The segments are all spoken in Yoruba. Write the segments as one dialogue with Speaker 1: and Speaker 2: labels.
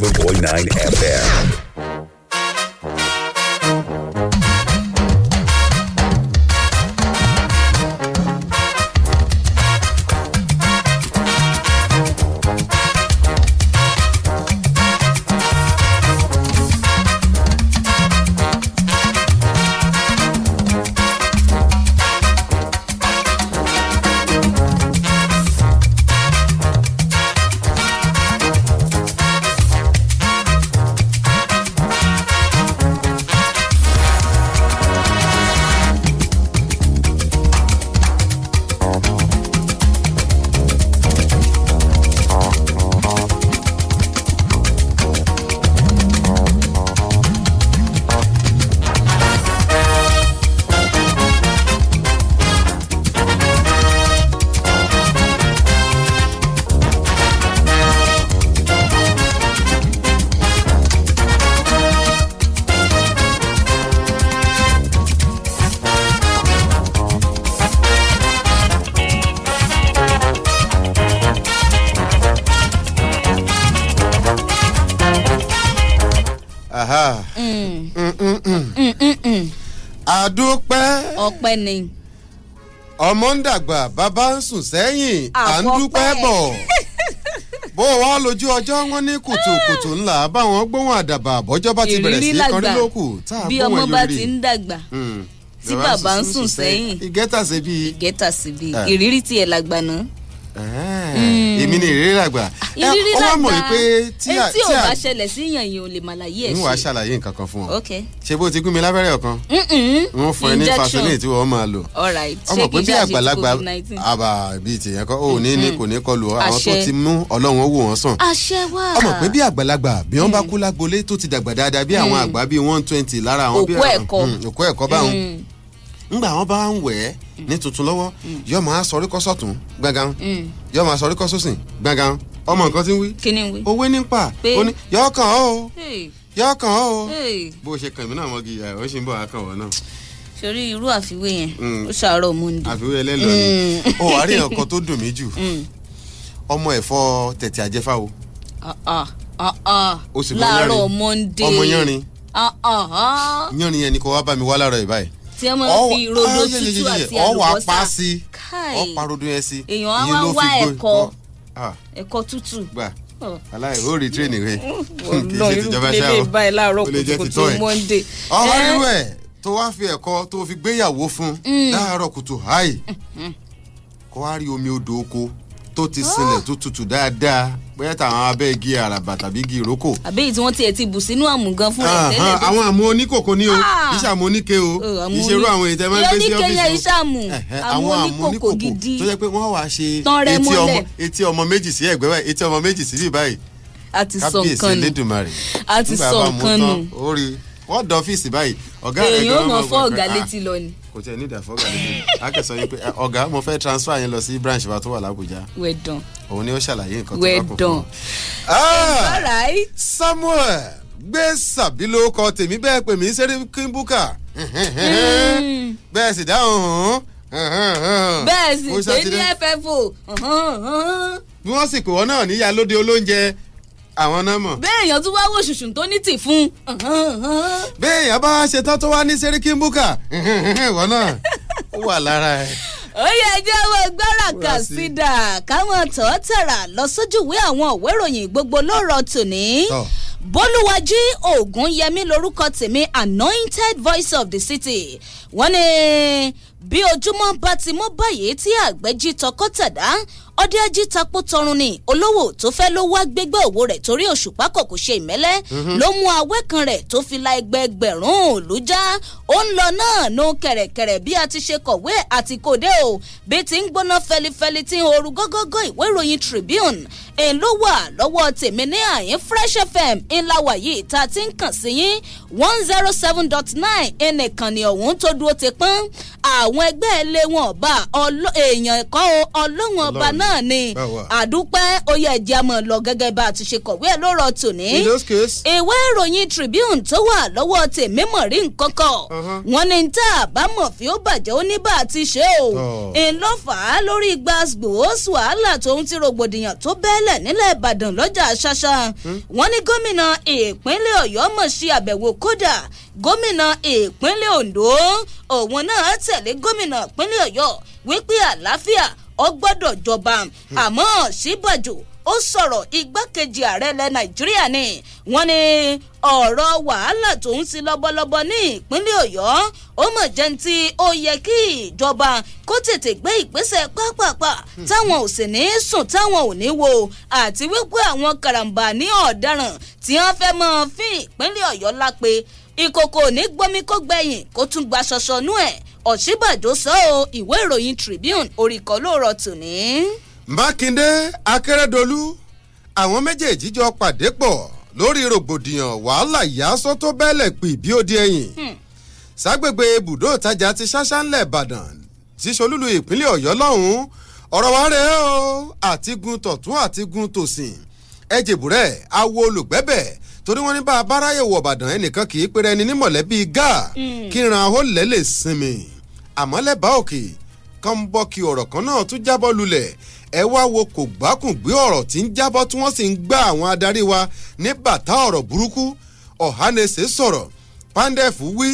Speaker 1: 107.9 FM.
Speaker 2: ọpẹ́ ni.
Speaker 3: ọmọ ń dàgbà bàbá ń sùn sẹ́yìn à ń dúpẹ́ bọ̀ bó wá lójú ọjọ́ wọn ní kùtùkùtù ah. ńlá báwọn gbóhùn àdàbà àbọ́jọ́ bá ti bẹ̀rẹ̀ sí í kan nílòkù tá a gbóhùn ẹ̀yọ́ rí bí ọmọ bá ti hmm. tí bàbá ń sùn sẹ́yìn
Speaker 2: ìgẹ́tà síbi ìrírí tiẹ̀ làgbà
Speaker 3: èmi ni ìrírí làgbà ìrírí làgbà etí ò bá
Speaker 2: ṣẹlẹ̀ sí yàn yìí ò lè màlàyé ẹ̀ ṣe. n wàá
Speaker 3: ṣàlàyé nǹkan kan fún ọ ṣé bó ti gún mi lábẹ́rẹ́ ọ̀kan wọ́n fún ẹ ní fasolin tí wọ́n máa lò ọmọ pé bí àgbàlagbà àbá bíi tèèyàn kọ́ òní ni mm-hmm. kò ní kọlù àwọn tó ti mú ọlọ́run wò wọ́n sàn ọmọ pé bí àgbàlagbà bí wọ́n bá kú mm. lágbolé tó ti dàgbà dáadáa bí àwọn mm. àgbà bíi one twenty lára àwọn mm, bí ngbà wọn bá ń wẹ̀ ẹ́ mm. ní tuntun lọ́wọ́ mm. yóò máa sọrí kọ́ sọ̀tún gbẹ̀ngàn mm. yóò máa sọrí kọ́ sọ̀sìn gbẹ̀ngàn ọmọ nǹkan ti ń wí òwe nípa òní yóò kàn ọ́ yóò kàn ọ́ bó o ṣe kàn mí náà mọ́gi ẹ̀ ó ṣì ń bọ̀ wá kàn wọ́n náà.
Speaker 2: sori irú àfiwé yẹn
Speaker 3: ó ṣàárọ̀ monde. àfiwé ẹlẹ́lọ ni ó wàá rí nǹkan tó dùn mí jù ọmọ ẹ̀fọ́ tẹ̀tẹ̀ àjẹfà o.
Speaker 2: Ah, ah, ah, ó
Speaker 4: tí wọn máa ń fi rodo ah, tútù àti
Speaker 3: àlùbọ́sà káì ọ̀pá rodo yẹn sí
Speaker 4: èèyàn
Speaker 2: á wá wá ẹ̀kọ́ ẹ̀kọ́ ah. tútù. Oh.
Speaker 3: aláì ó rí tírénì rẹ kì í ṣe tìjọba ṣá o ó lè jẹ tìtọ́ ẹ̀
Speaker 4: eh?
Speaker 3: ẹ̀ tó wá fi ẹ̀kọ́ tó fi gbéyàwó fún mm. láàárọ̀ kùtù háì mm. kó wá rí omi odò oko tó ti sinlẹ̀ ah. tó tutù dáadáa bóyá tàwọn abẹ́ igi àràbà tàbí igi ìrókò.
Speaker 2: àbí èyí tí wọ́n tiẹ̀ ti bù sínú àmùgán fún ẹ̀ tẹ́lẹ̀. Ah,
Speaker 3: ah, àwọn àmú oníkòkò ni o iṣẹ́ àmú oníke o ìṣerú àwọn èyí tẹ́ máa ń gbé sí ọ́fíìsì. lóníkẹyẹ iṣẹ́
Speaker 2: àmù àwọn
Speaker 3: oníkòkò gidi tó jẹ́ pé wọ́n wàá ṣe etí ọmọ méjì sí ẹ̀gbẹ́ báyìí etí ọmọ méjì sí wọ́n dọ̀ ọ́fíìsì báyìí ọ̀gá rẹ̀ gan-an. èèyàn mọ̀ fọ́ ọ̀gá létí lọ ni. Ah, kò tiẹ̀ ní ìdàfọ́ ọ̀gá létí akẹ́sọ yìí pé ah, ọ̀gá mo fẹ́ transfer yín lọ sí branch wa tó wà l'Abuja. wẹ̀dàn. òun ni ó ṣàlàyé nǹkan tó bá kó fún un. wẹ̀dàn.
Speaker 2: Ah,
Speaker 3: Samuel gbé sàbí ló kọ tèmi bẹ́ẹ̀ pè mí sẹ́rí kíńbùkà hmm. bẹ́ẹ̀ sì dáhùn bẹ́ẹ̀ sì pé ní FFO. bí wọ́n sì pè wọ́n náà níyà lóde olóúnjẹ àwọn náà mọ̀.
Speaker 2: béèyàn tún wáá wò ṣùṣùn tó ní tì fún.
Speaker 3: béèyàn bá wá ṣe tán tó wá ní sẹ́ríkì mbúkà ìwọ náà ó wà lára ẹ̀.
Speaker 2: ó yẹ ẹjẹ́ owó gbára kàṣídà káwọn tọ́ tẹ̀rà lọ sójúwé àwọn òwe ìròyìn gbogbo lóòrọ̀ tòní. bólúwájí ògúnyẹmí lorúkọ tèmi anointed voice of the city wọ́n ní bí ojúmọ́ bá ti mú báyìí tí àgbẹ̀jì tọkọ́tàdá ọdẹ́jì takò tọrun ni olówó tó fẹ́ ló wá gbégbá òwò rẹ̀ torí òṣùpá kọ̀ kò ṣe ìmẹ́lẹ́ mhm. ló mú awẹ́ kan rẹ̀ tó fi la ẹgbẹẹgbẹ̀rún òòlù já ó ń lọ náà nu kẹ̀rẹ̀kẹ̀rẹ̀ bí a ti ṣe kọ̀wé àti kòdé o bí ti ń gbóná fẹlifẹli tí ń ooru gógógó ìwé ìròyìn Tribune èyí ló wà lọ́wọ́ tèmi ní àyín Fresh FM ńlá wàyí tá a ti ń kàn sí yín one zero seven dot nine ẹnìkànnì ọ̀hún tó dúró ti pọ́n àwọn ẹgbẹ́ ilé wọn ọba èèyàn ẹ̀kọ́ ọlọ́wọ̀n ọba náà náà ni àdúpẹ́ oyè ẹ̀jẹ̀ àmọ́ lọ gẹ́gẹ́ bá a ti ṣe kọ̀wé ẹ̀ lórọ̀ tòní. ìwé ìròyìn Tribune tó wà lọ́wọ́ tèmi mọ̀ rí nǹkan kọ̀ uh-huh. wọ́n ní tá a bá mọ̀ fi ó bàjẹ́ ó ní bá a ti ṣe o. ìlọ́fà lórí gbàgbọ́sù wàhálà tóun ti rògbòdìyàn tó bẹ́ẹ̀lẹ̀ nílẹ̀ Ìbàdàn lọ́jà ṣáṣá hmm? wọ́n ní gómìnà ìpínlẹ̀ Ọ̀yọ́ mọ̀ sí àbẹ̀wò kódà gómìnà ìpínlẹ̀ Ondo òun náà tẹ̀lé gómìnà ìpínlẹ̀ Ọ̀yọ́ wípé àlàáfíà ọ gbọ́dọ̀ jọba hmm. àmọ́ síbàjò ó sọ̀rọ̀ igbákejì ààrẹ ilẹ̀ nàìjíríà ni wọ́n ní ọ̀rọ̀ wàhálà tó ń sí lọ́bọ̀lọ́bọ̀ ní ìpínlẹ̀ ọ̀yọ́ ó mọ̀ jẹ́ ti ó yẹ kí ìjọba kó tètè gbé ìgbésẹ̀ pápápá hmm. táwọn ò sì ní sùn táwọn ò ní wo àti wípé àwọn karambà ní ọ̀daràn tí wọ́n fẹ́ mọ́ fín ìpínlẹ̀ ọ̀yọ́ lápè ìkòkò ò ní gbọ́mi kó gbẹ̀yìn kó tún gba ṣọṣọ nú ẹ̀ ọ̀ṣínbàjò sọ ọ́ ìwé ìròyìn tribune oríkọ́ ló rọ tòní.
Speaker 3: mákindé akérèdọ́lù àwọn méjèèjì jọ pàdé pọ̀ lórí rògbòdìyàn wàhálà ìyàsọ́ tó bẹ́lẹ̀ pì bí ó di ẹ̀yìn ságbègbè hmm. ibùdó ìtajà ti ṣáṣá ńlẹ̀ ìbàdàn tí solúlu ìpínlẹ̀ ọ̀yọ́ lọ́hùn-ún ọ̀rọ̀ wa rẹ̀ o àti gun tọ̀tún àti gun tòsìn ẹ jèbùrẹ́ awo olùgbẹ́bẹ̀ torí wọ́n ní bá a bá ráyè wọ̀ ọ̀bàdàn ẹnìkan kì í pèrè ẹni ní mọ̀lẹ́bí gáà
Speaker 4: hmm. kí n ran ahó
Speaker 3: lẹ́lẹ̀ sinmi àmọ́ lẹ́bàá òkè kọ́ńbọ́ọ̀kì ọ̀rọ̀ kan náà tún jábọ́ lulẹ̀ ẹ wá wo kò gbákùngbé ọ̀rọ̀ tí ń jábọ́ tí wọ́n sì ń gbá àwọn adarí wa ní bàtà ọ̀rọ̀ burúkú ọ̀hánẹsẹ sọ̀rọ̀ pandef wí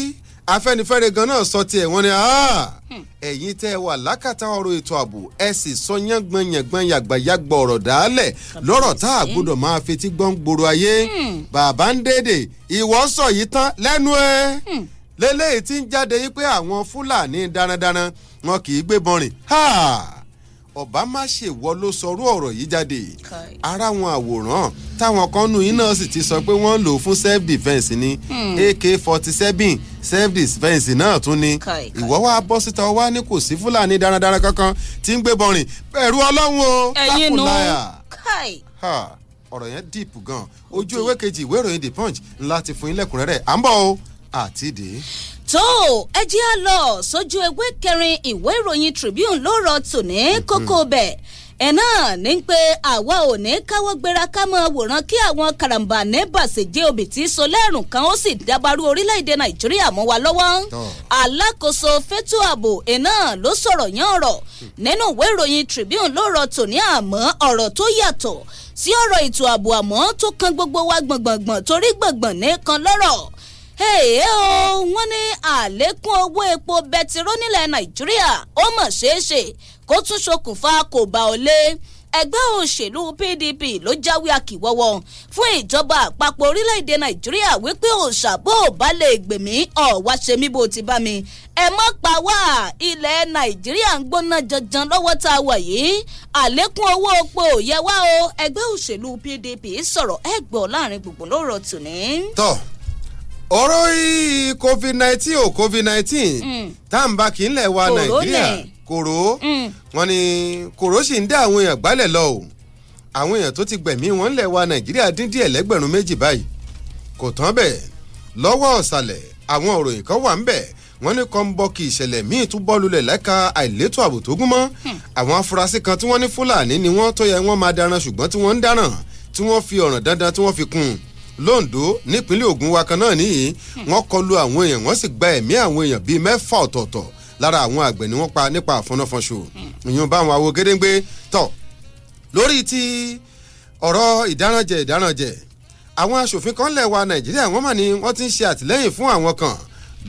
Speaker 3: afẹ́nifẹ́re gan náà sọ tiẹ̀ wọ́n ní hmm. ẹ̀yin tẹ́ ẹ wà lákàtà ọ̀rọ̀ ètò ààbò ẹ sì sọ yángbọn yàngbọn yàgbàyàgbà ọ̀rọ̀ dálẹ̀ lọ́rọ̀ tá a gbọ́dọ̀ máa fetí gbọ́n gbòòrò ayé hmm. bàbá ń dédè ìwọ sọ yìí tán lẹ́nu ẹ. Hmm lélẹ́yìí tí ń jáde yìí pé àwọn fúlàní darandaran wọn kì í gbébọn rìn ọba má ṣe wọ ló sọrú ọ̀rọ̀ yìí jáde ara wọn àwòrán táwọn kan nù yín náà sì ti sọ pé wọ́n ń lò fún self defence ni hmm. ak forty seven self defence náà tún ni ìwọ́ wa bọ́ síta wá ní kò sí fúlàní darandaran kankan tí ń gbébọn rìn bẹ̀rù ọlọ́run o lákùnláyà ọ̀rọ̀ yẹn deep gan ojú ewé kejì ìwé
Speaker 2: ìròyìn the punch ńlá ti fún yín
Speaker 3: lẹ́kùnrẹ́rẹ́ à ń bọ̀ o àtìdí.
Speaker 2: tó ẹ jẹ́ a lọ sójú ewé kẹrin ìwé ìròyìn Tribune ló rọ tòní kókó bẹ́ẹ̀ ẹ náà ní pé àwa ò ní káwọ́ gbéra ká mọ wòran kí àwọn karambà ní bàṣẹ̀jẹ́ obì tí so lẹ́rùn kan ó sì dábarú orílẹ̀-èdè nàìjíríà mọ́ wa lọ́wọ́ alákòóso fẹ́tù ààbò ẹ ló sọ̀rọ̀ yán ọ̀rọ̀ nínú ìwé ìròyìn Tribune ló rọ tòní àmọ́ ọ̀rọ̀ tó yàtọ̀ sí ọ̀rọ̀ ètò ààbò àmọ́ tó kan gbogbo wa gbọ̀ngbọ̀ngbọ̀n torí gbọ̀ngbọ̀n ní kan lọ́rọ̀ èè o wọ́n ní àlékún owó epo bẹtiró nílẹ̀ nàìjíríà ó mọ̀ ṣeéṣe kó tún ṣokùnfà kò bá ọ lé ẹgbẹ́ òṣèlú pdp ló jáwé àkìwọ́wọ́ fún ìjọba àpapọ̀ orílẹ̀‐èdè nàìjíríà wípé òṣàbò bá lè gbèmí ọ̀wá ṣe mí bó ti bá mi ẹ mọ́ pa wá ilẹ̀ nàìjíríà ń gbóná janjan lọ́wọ́ tá a wà yìí àlékún owó epo yẹ wá o ẹgbẹ́ òṣèlú pdp sọ̀rọ̀ ẹ gbọ́ láàrin gbùngbùn lóòrọ̀ tòní.
Speaker 3: tọ́ ọ̀rọ̀ yìí covid nineteen o covid nineteen tá à ń bá kí n lẹ̀ wa nàìjíríà kòró mm. wọn ni kòró sì ń dá àwọn èèyàn gbálẹ̀ lọ o àwọn èèyàn tó ti gbẹ̀mí wọn ń lẹ̀ wa nàìjíríà dín díẹ̀ lẹ́gbẹ̀rún méjì báyìí kò tán bẹ́ẹ̀ lọ́wọ́ ọ̀sàlẹ̀ àwọn òròyìn kan wà ń bẹ̀ wọ́n ní kọ́ńbọ́ọ̀kì ìṣẹ̀lẹ̀ míì tún bọ́ lulẹ̀ lẹ́ka àìlétò ààbò tó gún mọ́ hmm. àwọn afurasí kan tí wọ́n ní fúlàní ni wọ́n tó yẹ wọ́n máa daran ṣùgbọ́n tí wọ́n ń daran tí wọ́n fi ọ̀ràn dandan tí wọ́n fi kún un londo nípínlẹ̀ ogun wa kan náà nìyí hmm. wọ́n kọlu àwọn èèyàn wọ́n sì gba ẹ̀mí àwọn èèyàn bíi mẹ́fà ọ̀tọ̀ọ̀tọ̀ lára àwọn àgbẹ̀ ni wọ́n pa nípa àfọnáfọnṣo hmm. ìyún bá àwọn awo gédéǹgbé tọ̀ lórí ti ọ̀rọ̀ ìdáranjẹ ìdáranjẹ àwọn aṣòfin kan lẹ̀ wa Nàìjíríà wọ́n mà ní wọ́n ti ń ṣe àtìlẹ́yìn fún àwọn kan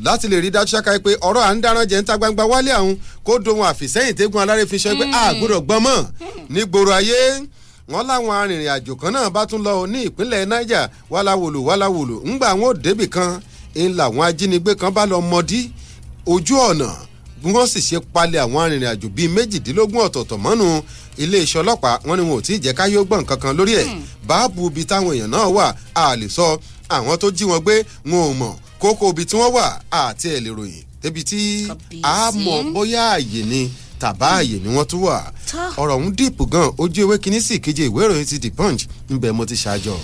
Speaker 3: láti lè rí dájú ṣáká pé ọ̀rọ̀ à ń dáran jẹ́ ń ta gbangba wálé àwọn kó dohun àfìsẹ́yìn tẹ́gun alárẹ́fiṣẹ́ pé àgbọ̀dọ̀ hmm. gbọ́n mọ́ nígboro ayé wọ́n láwọn arìnrìn-àjò kan náà bá tún lọ ní ìpínlẹ̀ niger wàláwòlò wàláwòlò ńgbà àwọn òdebì kan ń làwọn ajínigbé kan bá lọ mọdí ojú ọ̀nà bí wọ́n sì ṣe palẹ̀ àwọn arìnrìn bíi méjìdínlógún ọ̀tọ̀ọ̀tọ̀ mọ́nu iléeṣẹ́ ọlọ́pàá wọn ni wọn ò tí ì jẹ́ káyé ó gbọ̀n kankan lórí ẹ̀ hmm. báàbù ibi táwọn èèyàn náà wà á lè sọ àwọn tó jí wọn gbé wọn ò mọ̀ kókó ibi tí wọ́n wà àti ẹ̀ lè ròyìn débi tí a mọ̀ bóyá àyè ni tàbáàyè ni wọ́n tún wà ọ̀rọ̀ ọ̀hún dìpọ̀ gan ojú ewé kínní sí ìkeje ìwé ìròyìn ti the punch ńbẹ mo ti ṣàjọ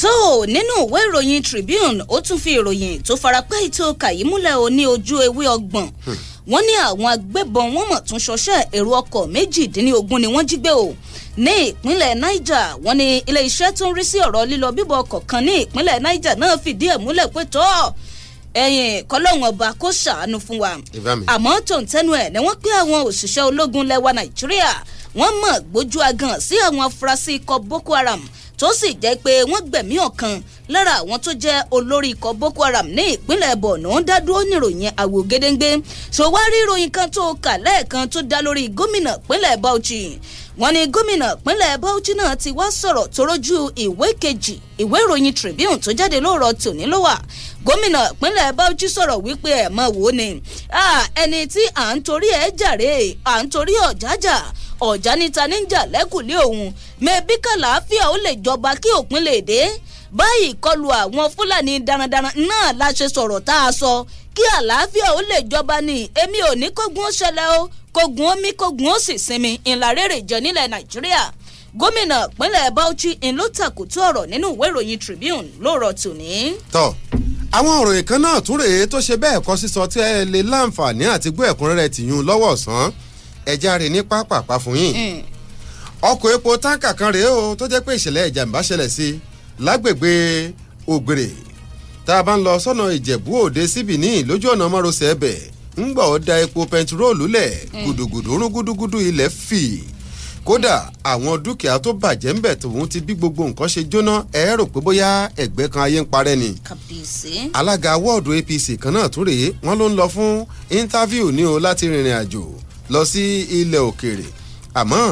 Speaker 2: tó nínú ìwé ìròyìn Tribune ó tún fi ìròyìn tó farapẹ́ ètò kàyímúlẹ̀ o ní ojú ewé ọgbọ̀n hmm. wọ́n ní àwọn agbébọn wọ́n mọ̀ tún ṣọṣẹ́ èrò ọkọ̀ méjìdínlógún ni wọ́n jí gbé o ní ìpínlẹ̀ Niger wọ́n ní ilé iṣẹ́ tó ń rí sí ọ̀rọ̀ lílọ bíbọ̀ ọkọ̀ kan ní ìpínlẹ̀ Niger náà fìdí ẹ̀ múlẹ̀ pé tọ́ ọ́ ẹ̀yìn kọ́lọ́hún ọba kó ṣàánú fún wa àmọ́ tó ń tẹnu ẹ̀ ni wọ́n pé àwọn òṣìṣẹ́ ológun lẹ́wà nàìjíríà wọ́n mọ̀ gbójú agan sí àwọn afurasí ikọ̀ boko haram tó sì jẹ́ pé wọ́n gbẹ̀mí ọ̀kan lára àwọn tó jẹ́ olórí ikọ̀ boko haram ní ìpínlẹ̀ borno ń dá dúró níròyìn àwò gédéńgbé ṣòwárí ìròyìn kan tó kà lẹ́ẹ̀kan tó dá lórí gómìnà ìpínlẹ̀ bauchi wọ́n ní gómìnà ìpínlẹ̀ bauchi náà ti wá sọ̀rọ̀ tó rójú ìwé kejì ìwé ìròyìn tribune tó jáde lóòrọ̀ tòní ló wà gómìnà ìpínlẹ̀ bauchi sọ̀rọ̀ wípé ẹ̀ mọ̀ wò ni ẹni tí à ń torí ẹ̀ jàre à ń torí ọ̀jájà ọ̀já níta níjà lẹ́kùlé òun mẹ́bí kàlàáfíà ó lè jọba kí òpin lè dé báyìí kọlu àwọn fúlàní darandaran náà la ṣe sọ̀rọ̀ tá a sọ kí àlàáfíà ó lè jọba ni èmi ò ní kógun ó ṣẹlẹ̀ o kógun ó mí kógun ó sì sinmi ìlàrèrè jẹ nílẹ̀ nàìjíríà gómìnà pínlẹ̀ bauchi ń ló tàkùtù ọ̀rọ̀ nínú ìwé ìròyìn tribune lóòrọ̀ tòní.
Speaker 3: tọ́ àwọn òròyìn kan náà tún rèé tó ṣe bẹ́ẹ̀ kọ́ sísọ tí ẹ lè láǹfààní àti gbọ́ ẹ̀kúnrẹ́rẹ́ tìyún lọ́wọ́ ọ̀sán ẹja rè ní pápápá fún yín hmm. ọkọ̀ epo táǹkà kan rèé o tó jẹ́ pé ìṣẹ̀lẹ̀ ìjàmbá ṣẹlẹ̀ sí lágbègbè ògbèrè tá a bá ń lọ sọ́nà ìjẹ̀bú òde síbì ní lójú ọ̀nà márosẹ̀ ẹ̀bẹ̀ ńgbà ó da epo pẹntiróòlù lẹ̀ hmm. gùdùgùdù rún ilẹ̀ fìí kódà àwọn dúkìá tó bàjẹ́ ń bẹ̀ tòun ti bí gbogbo nǹkan ṣe jóná ẹ rò pé bóyá ẹgbẹ́ kan ayé ń parẹ́ ni. kàbíyèsí. alága wọ́ọ̀dù apc kan náà tún rèé wọ́n ló ń lọ fún íńtáfíù ní o láti rìnrìn àjò lọ sí ilẹ̀ òkèèrè àmọ́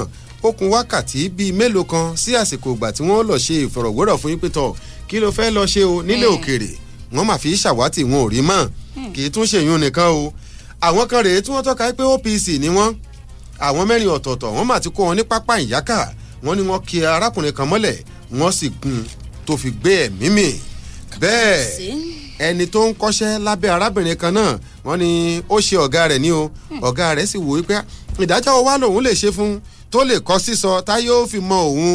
Speaker 3: ó kún wákàtí bíi mélòó kan sí àsìkò ìgbà tí wọ́n lọ ṣe ìfọ̀rọ̀wérọ̀ fún yín kí ló fẹ́ lọ ṣe o nílẹ̀ hmm. òkèèrè wọ́n mà fi ṣàwátì wọn ò rí mọ́ hmm. kì í tún ṣèyún nìkan o àwọn kan rèé tí wọ́n tọ́ka pé OPC ni wọ́n àwọn mẹ́rin ọ̀tọ̀ọ̀tọ̀ wọ́n mà ti kó wọn ní pápá ìyáká wọ́n ní wọ́n ki arákùnrin kan mọ́lẹ̀ wọ́n sì gún tó fi gbé ẹ̀mí mì bẹ́ẹ̀ ẹni tó ń kọ́ṣẹ́ lábẹ́ arábìnrin kan náà wọ́n ní ó ṣe ọ̀gá rẹ̀ ní o hmm. ọ̀gá rẹ̀ sì wò ó pé ìdájọ́ wa lòun lè ṣe fún tó lè kọ́ sísọ táyé ó fi mọ òun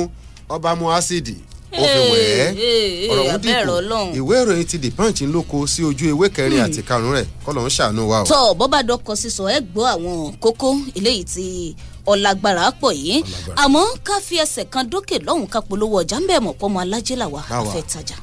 Speaker 3: ọba mu ásíìdì ó fi wẹ̀ ẹ́
Speaker 2: eh, eh, eh, ọ̀rọ̀ ń dínkù
Speaker 3: ìwé ìròyìn ti the punch ń lóko sí ojú ewé kẹrin hmm. àti karùn-ún rẹ̀ kọ́lọ̀ ń ṣàánú wa o.
Speaker 2: tọ́ bọ́bá dọkọ̀ sísọ ẹ gbọ́ àwọn kókó eléyìí ti ọ̀làgbàrà pọ̀ yìí àmọ́ ká fi ẹsẹ̀ kan dókè lọ́hùn ká polówó ọjà ń bẹ̀ mọ̀ pọ́mọ alájẹ́ làwà á tajà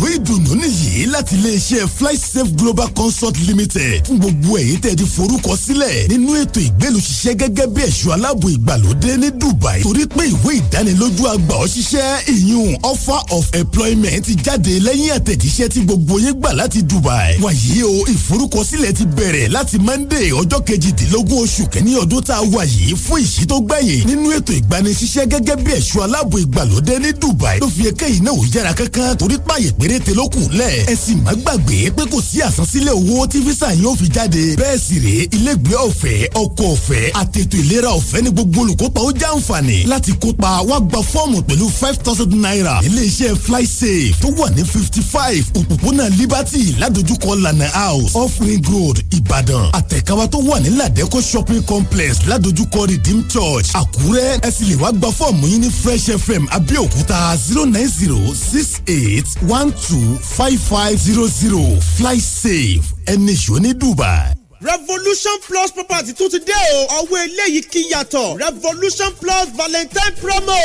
Speaker 1: pẹ̀lú ìdùnnú nìyí láti iléeṣẹ́ flysafe global consult limited fún gbogbo ẹ̀yin tẹ́ ti forúkọ sílẹ̀ nínú ètò ìgbélùṣiṣẹ́ gẹ́gẹ́ bí ẹ̀ṣọ́ aláàbò ìgbàlódé ní Dubai torí pé ìwé ìdánilójú àgbà ọ̀ṣiṣẹ́ ìyún offer of employment ti jáde lẹ́yìn àtẹ̀jíṣẹ́ tí gbogbo yín gbà láti Dubai wàyí o ìforúkọsílẹ̀ ti bẹ̀rẹ̀ láti Monday ọjọ́ kejìdínlógún oṣù kẹ́ni ọdún tá a wà yìí fún ìṣí tó gbẹ̀yìn nínú ètò ìgbanisíṣẹ́ gẹ́gẹ́ bí ẹ̀ṣọ́ aláàbò ìgbàlódé ní Dubai ló fi yìí náà ò yára kankan torí pààyè pé péréte ló kù lẹ̀ ẹ sì má gbàgbé pé kò sí àsansílẹ̀ owó tí fisa yóò fi jáde bẹ́ẹ̀ sì rèé ilégbèé ọ̀fẹ́ ọkọ̀ ọ̀fẹ́ àtètò ìlera ọ̀fẹ́ ní gbogbo olùkópa ó jàǹfààní láti kópa wá gba fọ́ọ̀mù pẹ̀lú five thousand naira iléeṣẹ́ flysafe tó wà ní fifty five òpópónà liberty ládojúkọ lànà house off road ìbàdàn àtẹ̀káwá tó wà ní ladeko shopping complex ládojúkọ redeem church àkúrẹ́ ẹ sì lè wá gba fọ́ọ̀mù yín ní fresh fm abẹ́òkúta zero nine zero six eight one two five five zero zero fly safe ẹni ṣò ní dubai.
Speaker 5: Revolution Plus property tún ti dé o ọwọ́ eléyìí kì í yàtọ̀ Revolution Plus Valentine promo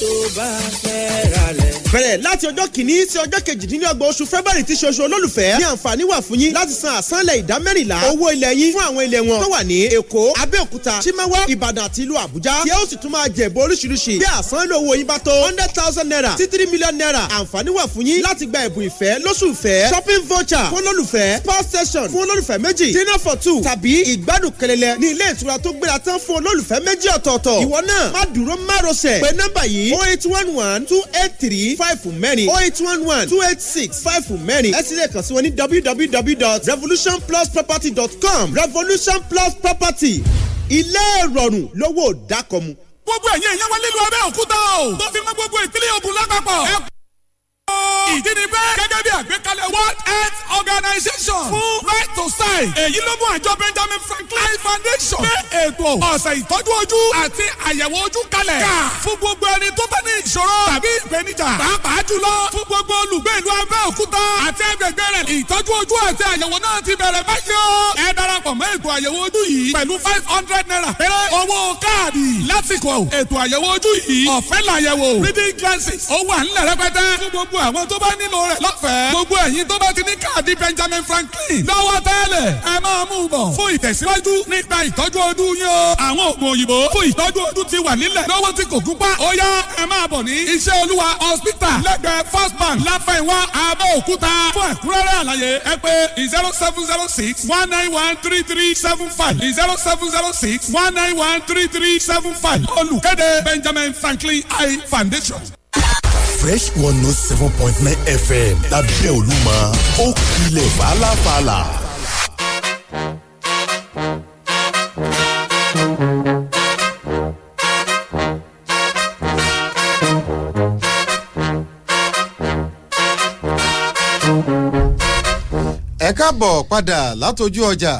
Speaker 5: tó bá fẹ́ ra lẹ̀. bẹ̀rẹ̀ láti ọjọ́ kìíní sí ọjọ́ kejìdínlọ́gbọ̀n oṣù february tí ṣoṣo olólùfẹ́ ní àǹfààní wà fún yín láti san àsánlẹ̀ ìdá mẹ́rìnlá owó ilẹ̀ yín fún àwọn ilẹ̀ wọn tó wà ní èkó abẹ́òkúta chimawa ìbàdàn àti ìlú àbújá tí ó sì tún máa jẹ̀bọ oríṣiríṣi bí àsánlò owó yín bá tó hundred thousand naira sí three million naira àǹfààní wà fún yín láti gba ẹ̀bùn ìfẹ́ lóṣù ìfẹ́ shopping voucher fún olólùfẹ́ power station fún olólùfẹ́ méjì dinner for two tàbí ìgbádùn kẹlẹlẹ ní ilé ìtura tó gbéra tán fún olólùfẹ́ méjì ọ̀tọ̀ọ̀tọ̀ ìwọ three oh eight one one two eight three five fún mẹ́rin oh eight one one two eight six five fún mẹ́rin ẹ sì lè kàn sí wọn ní www.revolutionplusproperty.com revolution plus property ilé ìrọ̀rùn lówó dákọ̀mu. gbogbo ẹ̀yin
Speaker 6: ìyáwó lílo abẹ́ o tó fi mọ́ gbogbo ìpínlẹ̀ Ògùn lápapọ̀ ìdí ni bẹ́ẹ̀ gẹ́gẹ́ bí àgbékalẹ̀ world health organization fún right to sight èyí ló mú àjọ benjamin franklin foundation gbé ètò ọ̀sẹ̀ ìtọ́jú ojú àti àyẹ̀wò ojú kalẹ̀ ká fún gbogbo ẹni tó bá ní ìṣòro tàbí ìpèníjà pàápàá jùlọ fún gbogbo olùgbé ìlú abẹ́òkúta àti ẹgbẹ̀gbẹ̀ rẹ̀ ìtọ́jú ojú àti àyẹ̀wò náà ti bẹ̀rẹ̀ báyìí o ẹ darapọ̀ mọ́ ètò àyẹ̀wò ojú yìí pẹ̀lú five hundred naira péré owó káàdì lásìkò ètò àyẹ̀wò ojú yìí ọ̀fẹ́ làyẹ̀wò reading glasses ó wà ńlẹ̀ rẹpẹtẹ fún gbogb gbogbo àwọn tó bá nílò rẹ̀ lọ́fẹ̀ẹ́. gbogbo ẹ̀yin tó bá ti ní káàdì Benjamin Franklin lọ́wọ́ tẹ́lẹ̀ ẹ máa mú un bọ̀ fún ìtẹ̀síwájú nípa ìtọ́jú ọdún yín o. àwọn oògùn òyìnbó fún ìtọ́jú ọdún ti wà nílẹ̀ lọ́wọ́ tí kò gúnpá ó yá ẹ máa bọ̀ ní iṣẹ́ olúwa hospital lẹ́gbẹ̀ẹ́ first bank láfẹ̀wá Abẹ́òkúta fún ẹ̀kúrẹ́rẹ́ àlàyé ẹ pé zero seven zero six one nine one three three seven five zero seven zero six one nine one three three seven five olùkéde Benjamin Franklin Eye Foundation.
Speaker 1: Fresh one note oh seven point nine FM lábẹ́ Olúmọ ó kilẹ̀ fàlàfàlà.
Speaker 3: ẹ káàbọ̀ padà látọjú ọjà.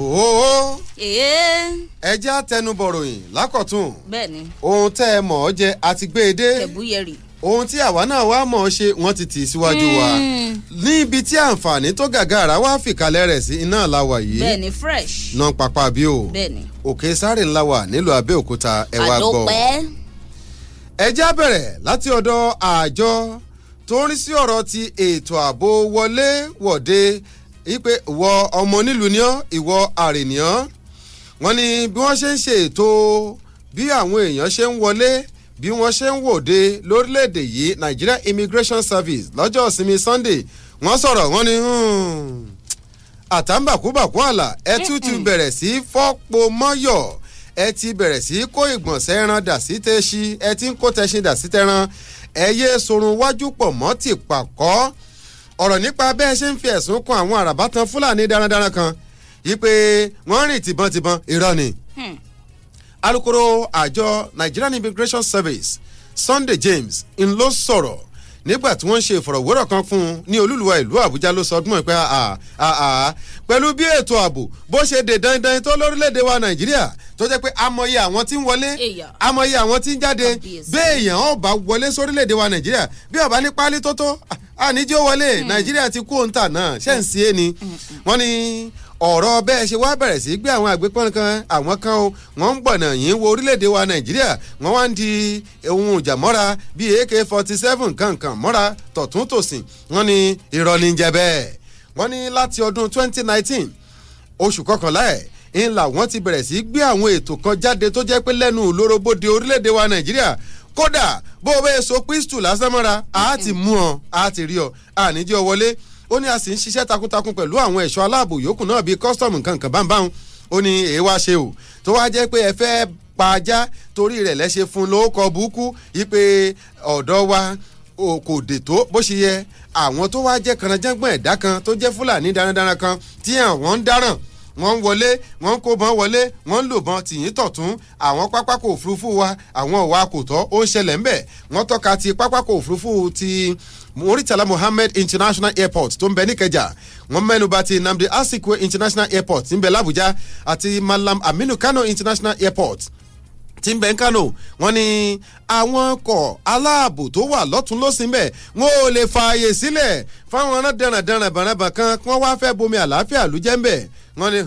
Speaker 3: òhòhò hmm. ẹjẹ́ àtẹnubọ̀ròyìn lákọ̀tún. bẹ́ẹ̀ni. ohun tẹ́ ẹ mọ̀ ọ́ jẹ àti gbé e dé. kẹ̀búyẹ̀rì ohun tí àwa náà wá mọ̀ ọ́ ṣe wọ́n ti tì í síwájú wa hmm. níbi tí àǹfààní tó gàgàrà wá fìkàlẹ̀ rẹ̀ sí iná làwà yìí bẹ́ẹ̀ni fresh náà pàpà bí o bẹ́ẹ̀ni òkè sáré ńlá wà nílùú Abẹ́òkúta ẹ wá gbọ́ ẹ já bẹ̀rẹ̀ láti ọ̀dọ̀ àjọ tó ń rí sí ọ̀rọ̀ ti ètò ààbò wọlé wọ̀de wípé ìwọ ọmọ onílùú ni ìwọ àrènìyàn wọ́n ní bí wọ́n ṣe ń ṣe ètò bí àwọn èèyàn ṣe ń wọlé bí wọ́n ṣe ń wòde lórílẹ̀‐èdè yìí Nigeria Immigration Service lọ́jọ́ ìsinmi Sunday wọ́n sọ̀rọ̀ wọ́n ní hmm, àtàǹbàkúbàkú àlà ẹ tún ti bẹ̀rẹ̀ sí fọ́pọ̀ mọ́yọ̀ ẹ ti bẹ̀rẹ̀ sí kó ìgbọ̀nsẹ̀ ẹran dà sí tẹ́sí ẹ ti ń kó tẹ́sí dà sí tẹ́ran ẹ yé sorun wájú pọ̀ mọ́ ti pàkọ́ ọ̀rọ̀ nípa bẹ́ẹ̀ ṣe ń fi ẹ̀sùn kan àwọn àràbátan Fúlàní darandaran kan yí pé wọ́n rìn tìbọntìbọn irọ́ ni. Hmm alukoro àjọ Nigerian Immigration Service Sunday James ń ló sọ̀rọ̀ nígbà tí wọ́n ṣe ìfọ̀rọ̀wérọ̀ kan fún un ní olúluwa ìlú àbújá ló sọdún ẹ̀ pé àà ah, ah, ah, pẹ̀lú bí ètò ààbò bó ṣe dé dandan tó lórílẹ̀‐èdè wa nàìjíríà tó jẹ́ pé amọ̀ye àwọn tí ń wọlé amọ̀ye àwọn tí ń jáde béèyàn ó bá wọlé sórílẹ̀‐èdè wa nàìjíríà bí ó bá ní pálí tó tó àníjí ó wọlé hmm. nàìjíríà ti kú òǹtà náà ṣẹ́ ń hmm, hmm, wọ́n ní ọ̀rọ̀ bẹ́ẹ̀ ṣe wá bẹ̀rẹ̀ sí gbé àwọn àgbépọ́n kan àwọn kan o wọ́n ń gbọ̀nà yìí wo orílẹ̀-èdè wa nàìjíríà wọ́n wá ń di ohun ìjà mọ́ra bíi ak forty seven kankan mọ́ra tọ̀tún tòsìn wọ́n ní irọ́ ní jẹ bẹ́ẹ̀ wọ́n ní láti ọdún twenty nineteen oṣù kọkànlá ẹ̀ ńlá wọ́n ti bẹ̀rẹ̀ sí gbé àwọn ètò kan jáde tó jẹ́ pé lẹ́nu lórobóde orílẹ̀-èdè wa nàìjíríà kódà bó o bẹ́ẹ̀ so pistol lásán mọ́ra àá ti mú ọ àá ti rí ọ àníjẹ́ ọ wọlé ó ní a sì ń ṣiṣẹ́ takuntakun pẹ̀lú àwọn ẹ̀ṣọ́ aláàbò yòókù náà bíi custom nǹkan kan báńbáhùn ó ní èé wá ṣe o tó wá jẹ́ pé ẹ fẹ́ pa ajá torí rẹ̀ lẹ́ṣẹ̀ fún un lówó kọ burúkú ipe ọ̀dọ́ wa kò dè tó bó ṣe yẹ àwọn tó wá jẹ́ kanajágbọ̀n ẹ̀dá kan tó jẹ́ fúlàní darandaran kan tí àwọn ń dáràn wọ́n ń wọlé wọ́n ń kóbọn wọlé wọ́n ń lòbọn tìyín tọ̀tún àwọn pápákọ̀ òfurufú wa àwọn ọ̀wà kò tọ́ ó ń ṣẹlẹ̀ ńbẹ̀ wọ́n tọ́ka ti pápákọ̀ òfurufú ti muritala muhammed international airport tó ń bẹ níkẹjà wọ́n mẹ́nuba ti nnamdi azikiwe international airport ń bẹ làbújá àti malam aminu kano international airport tí ń bẹ ń kánò wọ́n ní àwọn ọkọ̀ aláàbò tó wà lọ́tún lọ́sìn bẹ́ẹ̀ wọ́n ò lè fààyè sílẹ̀ fáwọn ọ̀nà dẹ̀rẹ̀dẹ̀rẹ̀ kan kí wọ́n wá fẹ́ bomi àlàáfíà ló jẹ́ ń bẹ̀ wọ́n ní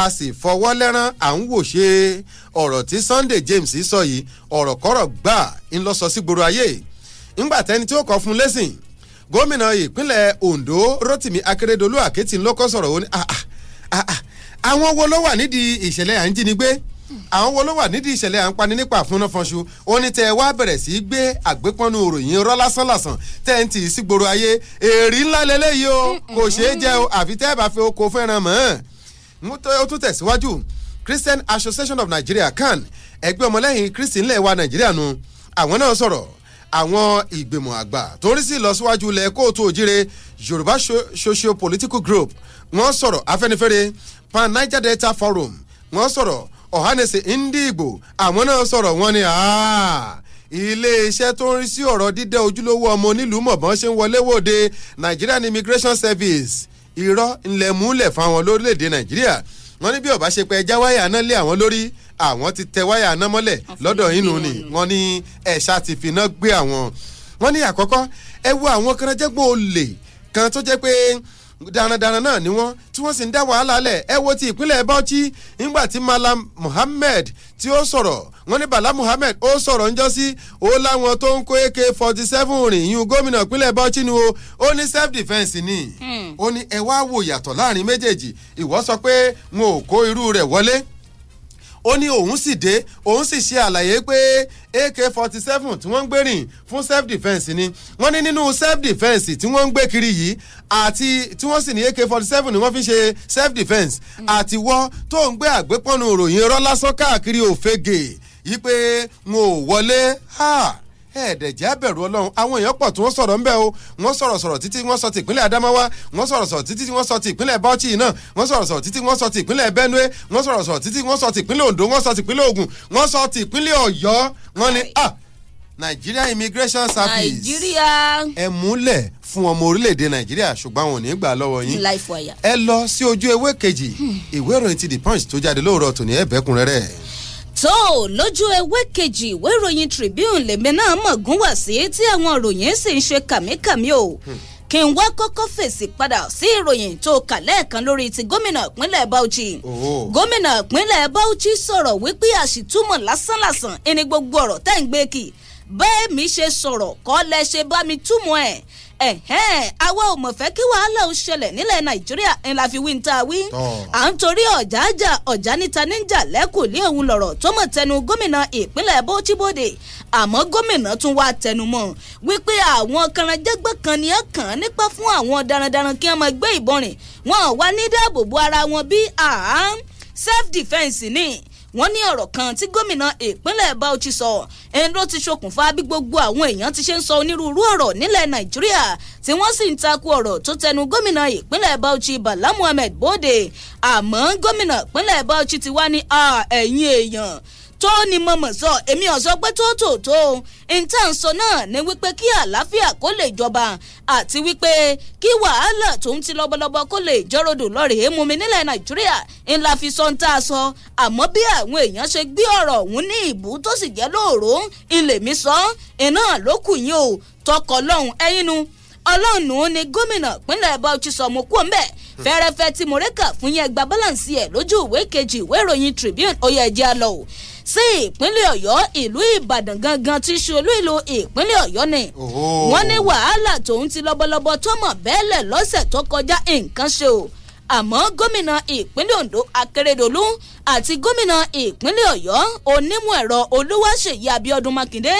Speaker 3: a sì fọwọ́ lẹ́rán à ń wò ṣe ọ̀rọ̀ tí sunday james sọ yìí ọ̀rọ̀ gbà ń lọ sọ sí gbòòrò ayé yìí ńgbà tẹ́ni tí ó kọ́ fún lẹ́sìn gómìnà ìpínlẹ̀ Ondo Rotimi Akeredolu àkẹ́tì ńlọ́kọ́ sọ̀rọ̀ ó ní ah, ah, ah, àwọn wo ló wà nídìí ìṣẹ̀lẹ̀ à ń jínigbé àwọn wo ló wà nídìí ìṣẹ̀lẹ̀ à ń pani nípa àfúnáfọ́nṣu ó ní tẹ́ ẹ wá bẹ̀rẹ̀ sí í gbé àgbépọ́nú òròyìn rọ́ lásán lásán tẹ́ ẹ ń tì í sí gbòòrò ayé èrí ńlá lélẹ́yìí o kò ṣeé jẹ o àfi tẹ́ ẹ bá fi oko fẹ́ràn mọ́ ó tún tẹ̀síwájú Christian Association of Nigeria CAN ẹgbẹ́ ọmọlẹ́yìn Kristi ńlẹ̀ wa Nàìjíríà nu àwọn náà sọ̀rọ̀ àwọn ìgbìmọ̀ àgbà torí sí ìlọsíwájú ilẹ̀ kóòtù òjire Yorùbá Socio Political Group wọ́n sọ̀rọ̀ Afẹ́nifẹ́re Pan Niger Delta Forum wọ́n sọ̀rọ̀ Ọ̀hánẹsẹ̀ Ndigbo àwọn náà sọ̀rọ̀ wọ́n ní iléeṣẹ́ tó ń rí sí ọ̀rọ̀ dídẹ́ ojúlówó ọmọ onílùú mọ̀bọ́n ṣe ń wọlé wòde Nigerian Immigration Service irọ́ ńlẹ̀múlẹ̀ fáwọn lórílẹ̀‐èdè Nàìjíríà wọ́n ní bí ọ̀bá ṣe pẹ́ jáwáyà náà lé àwọn lórí àwọn ti tẹ wáyà náà mọ́lẹ̀ lọ́dọ̀ inú ni wọ́n ní ẹ̀ṣá ti finá gbé àwọn wọ́n ní àkọ́kọ́ ẹ wo àwọn kan jẹ́gbọ́n olè kan tó jẹ́ pé darandaran náà ni wọ́n tí wọ́n sì ń dá wàhálà lẹ̀ ẹ wo ti ìpínlẹ̀ Bauchi nígbà tí Malam Muhammed tí ó sọ̀rọ̀ wọ́n ní Bala Muhammed ó sọ̀rọ̀ ń jọ́sí ó láwọn tó ń kó AK forty seven rìn yún gómìnà ìpínlẹ̀ Bauchi ni o ó ní self defence ni hmm. ó ní ẹ wá wo yàtọ̀ láàrin méjèèjì ìwọ sọ pé wọn ò kó irú rẹ̀ wọlé ó ní òun sì dé òun sì ṣe àlàyé pé ak forty seven tí wọ́n ń gbé rìn fún self defence ni wọ́n ní nínú self defence tí wọ́n ń gbé kiri yìí àti tí wọ́n sì ní ak forty seven ni wọ́n fi ṣe self defence àti wọ́ tó ń gbé àgbépọ̀nù ròyìn rọ́ lásán káàkiri òfegè yí pé n ò wọlé ha ẹ̀ẹ́dẹ̀jẹ́ abẹ̀rù ọlọ́run àwọn èèyàn pọ̀ tí wọ́n sọ̀rọ̀ ńbẹ́ o wọ́n sọ̀rọ̀ sọ̀rọ̀ títí wọ́n sọ ti ìpínlẹ̀ Adamawa wọ́n sọ̀rọ̀ sọ̀rọ̀ títí wọ́n sọ ti ìpínlẹ̀ Bauchi náà wọ́n sọ̀rọ̀ sọ̀rọ̀ títí wọ́n sọ ti ìpínlẹ̀ Benue wọ́n sọ̀rọ̀ sọ̀rọ̀ títí wọ́n sọ ti ìpínlẹ̀ Ondo wọ́n sọ ti ìpínlẹ̀ Ògùn wọ́n sọ ti ìpínlẹ̀ Ọ̀yọ́ wọ́n ní ah, Nigeria Immigration Service Nigeria ẹ múlẹ̀ fún ọmọ orílẹ̀-èdè Nàìjíríà ṣùgbọ́n àwọn ò ní gbà lọ́wọ́ yín ẹ lọ sí ojú ewé kejì ìwé ìròyìn ti The Punch tó jáde lóòrọ̀ tòní ẹ̀bẹ̀kúnrẹ́rẹ́
Speaker 2: tó lójú ewé kejì ìwé ìròyìn Tribune lèmi náà mọ̀ gún wá sí tí àwọn ìròyìn sì ń ṣe kàmíkàmí o kí n wá kọ́kọ́ fèsì padà sí ìròyìn tó kà lẹ́ẹ̀kan lórí ti gómìnà ìpínlẹ̀ Bauchi gómìnà ìpínlẹ̀ Bauchi sọ̀rọ̀ wípé àṣìtúmọ̀ lásánlàsàn ẹni gbogbo ọ̀rọ̀ tẹ́ ń gbé kì bẹ́ẹ̀ mi ṣe sọ̀rọ̀ kọ́ lẹ ṣe bá mi túmọ̀ ẹ̀ àwa ò mọ̀ fẹ́ kí wàhálà ó ṣẹlẹ̀ nílẹ̀ nàìjíríà ń la fi wí ń ta wí. à ń torí ọ̀já àjà ọ̀já níta níjà lẹ́kùn lé òun lọ̀rọ̀ tó mọ̀ tẹnu gómìnà ìpínlẹ̀ bótíbódè àmọ́ gómìnà tún wá tẹnumọ́ wípé àwọn kanranjẹ́gbẹ́ kan ni ẹ kàn án nípa fún àwọn darandaran kí wọ́n máa gbé ìbọn rìn wọ́n wá ní dáàbòbò ara wọn bí àá self defence ni wọ́n ní ọ̀rọ̀ kan tí gómìnà ìpínlẹ̀ Bauchi sọ ẹni ló ti ṣokùnfà bí gbogbo àwọn èèyàn ti ṣe ń sọ onírúurú ọ̀rọ̀ nílẹ̀ Nàìjíríà tí wọ́n sì ń takú ọ̀rọ̀ tó tẹnu gómìnà ìpínlẹ̀ Bauchi Bala Muhammed Bode àmọ́ gómìnà ìpínlẹ̀ Bauchi ti wá ní ẹ̀yìn èèyàn tó ni mo mọ̀ sọ èmi ò sọ pé tó tò tó nǹkan sọ náà ni wípé kí àlàáfíà kó lè jọba àti wípé kí wàhálà tó ń ti lọ́bọ̀lọ́bọ̀ kó lè jọ́rọ̀dò lọ́rẹ̀ èémú mi nílẹ̀ nàìjíríà ńlá fi sọ ń tá a sọ àmọ́ bí àwọn èèyàn ṣe gbé ọ̀rọ̀ ọ̀hún ní ìbú tó sì jẹ́ lóòró ilé mi sọ iná ló kù yín o tọkọ lọ́hùn ẹ̀yìn nu ni gómìnà pínlẹ̀ bauchi sọ mo kú ọ̀nbẹ́ fẹ́rẹ́fẹ́ tí mo rékà fún yẹn gba báláǹsì ẹ̀ lójú ìwé kejì ìwé ìròyìn tribune ó yẹ ẹ̀jẹ̀ lọ sí ìpínlẹ̀ ọ̀yọ́ ìlú ìbàdàn gangan tí ṣe olú ìlú ìpínlẹ̀ ọ̀yọ́ ni. wọ́n ní wàhálà tòun ti lọ́bọ̀lọ́bọ̀ tó mọ̀ bẹ́ẹ̀lẹ̀ lọ́sẹ̀ tó kọjá nǹkan ṣe o àmọ́ gómìnà ìpínlẹ̀ ondo akérèdọ́lù àti gómìnà ìpínlẹ̀ ọ̀yọ́ onímọ̀ ẹ̀rọ olúwaṣèyí abiodun makinde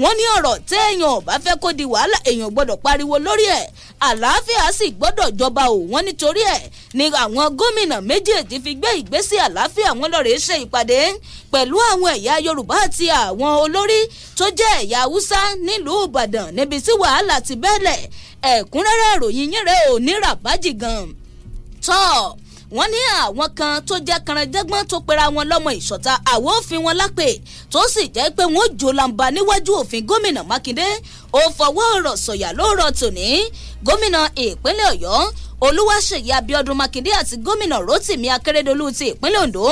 Speaker 2: wọ́n ní ọ̀rọ̀ téèyàn ò bá fẹ́ kó di wàhálà èèyàn gbọ́dọ̀ pariwo lórí ẹ̀ àlàáfíà sì gbọ́dọ̀ jọba ò wọ́n nítorí ẹ̀ ni àwọn gómìnà méjèèjì fi gbé ìgbésẹ̀ àlàáfíà wọn lọ́rẹ̀ ṣe ìpàdé pẹ̀lú àwọn ẹ̀yà yorùbá àti àwọn olórí tó jẹ́ ẹ̀yà haúsá nílùú ìbàdàn níbi tí wàhálà ti bẹ́lẹ̀ ẹ̀kúnrẹ́rẹ́ ìròyìn yín rẹ̀ ò ní ràbájì gan tọ́ wọ́n ní àwọn kan tó jẹ́ karanjẹ́gbọ́n tó pera wọn lọ́mọ ìṣọ̀ta àwọn òfin wọn lápè tó sì jẹ́ pé wọ́n jò làǹbà níwájú òfin gómìnà mákindé ó fọwọ́ ọ̀rọ̀ sọ̀yà lóòrọ̀ tòní gómìnà ìpínlẹ̀ ọ̀yọ́ olúwaṣèyí abíọ́dún makinde àti gómìnà rotimi akeredolu ti ìpínlẹ̀ ondo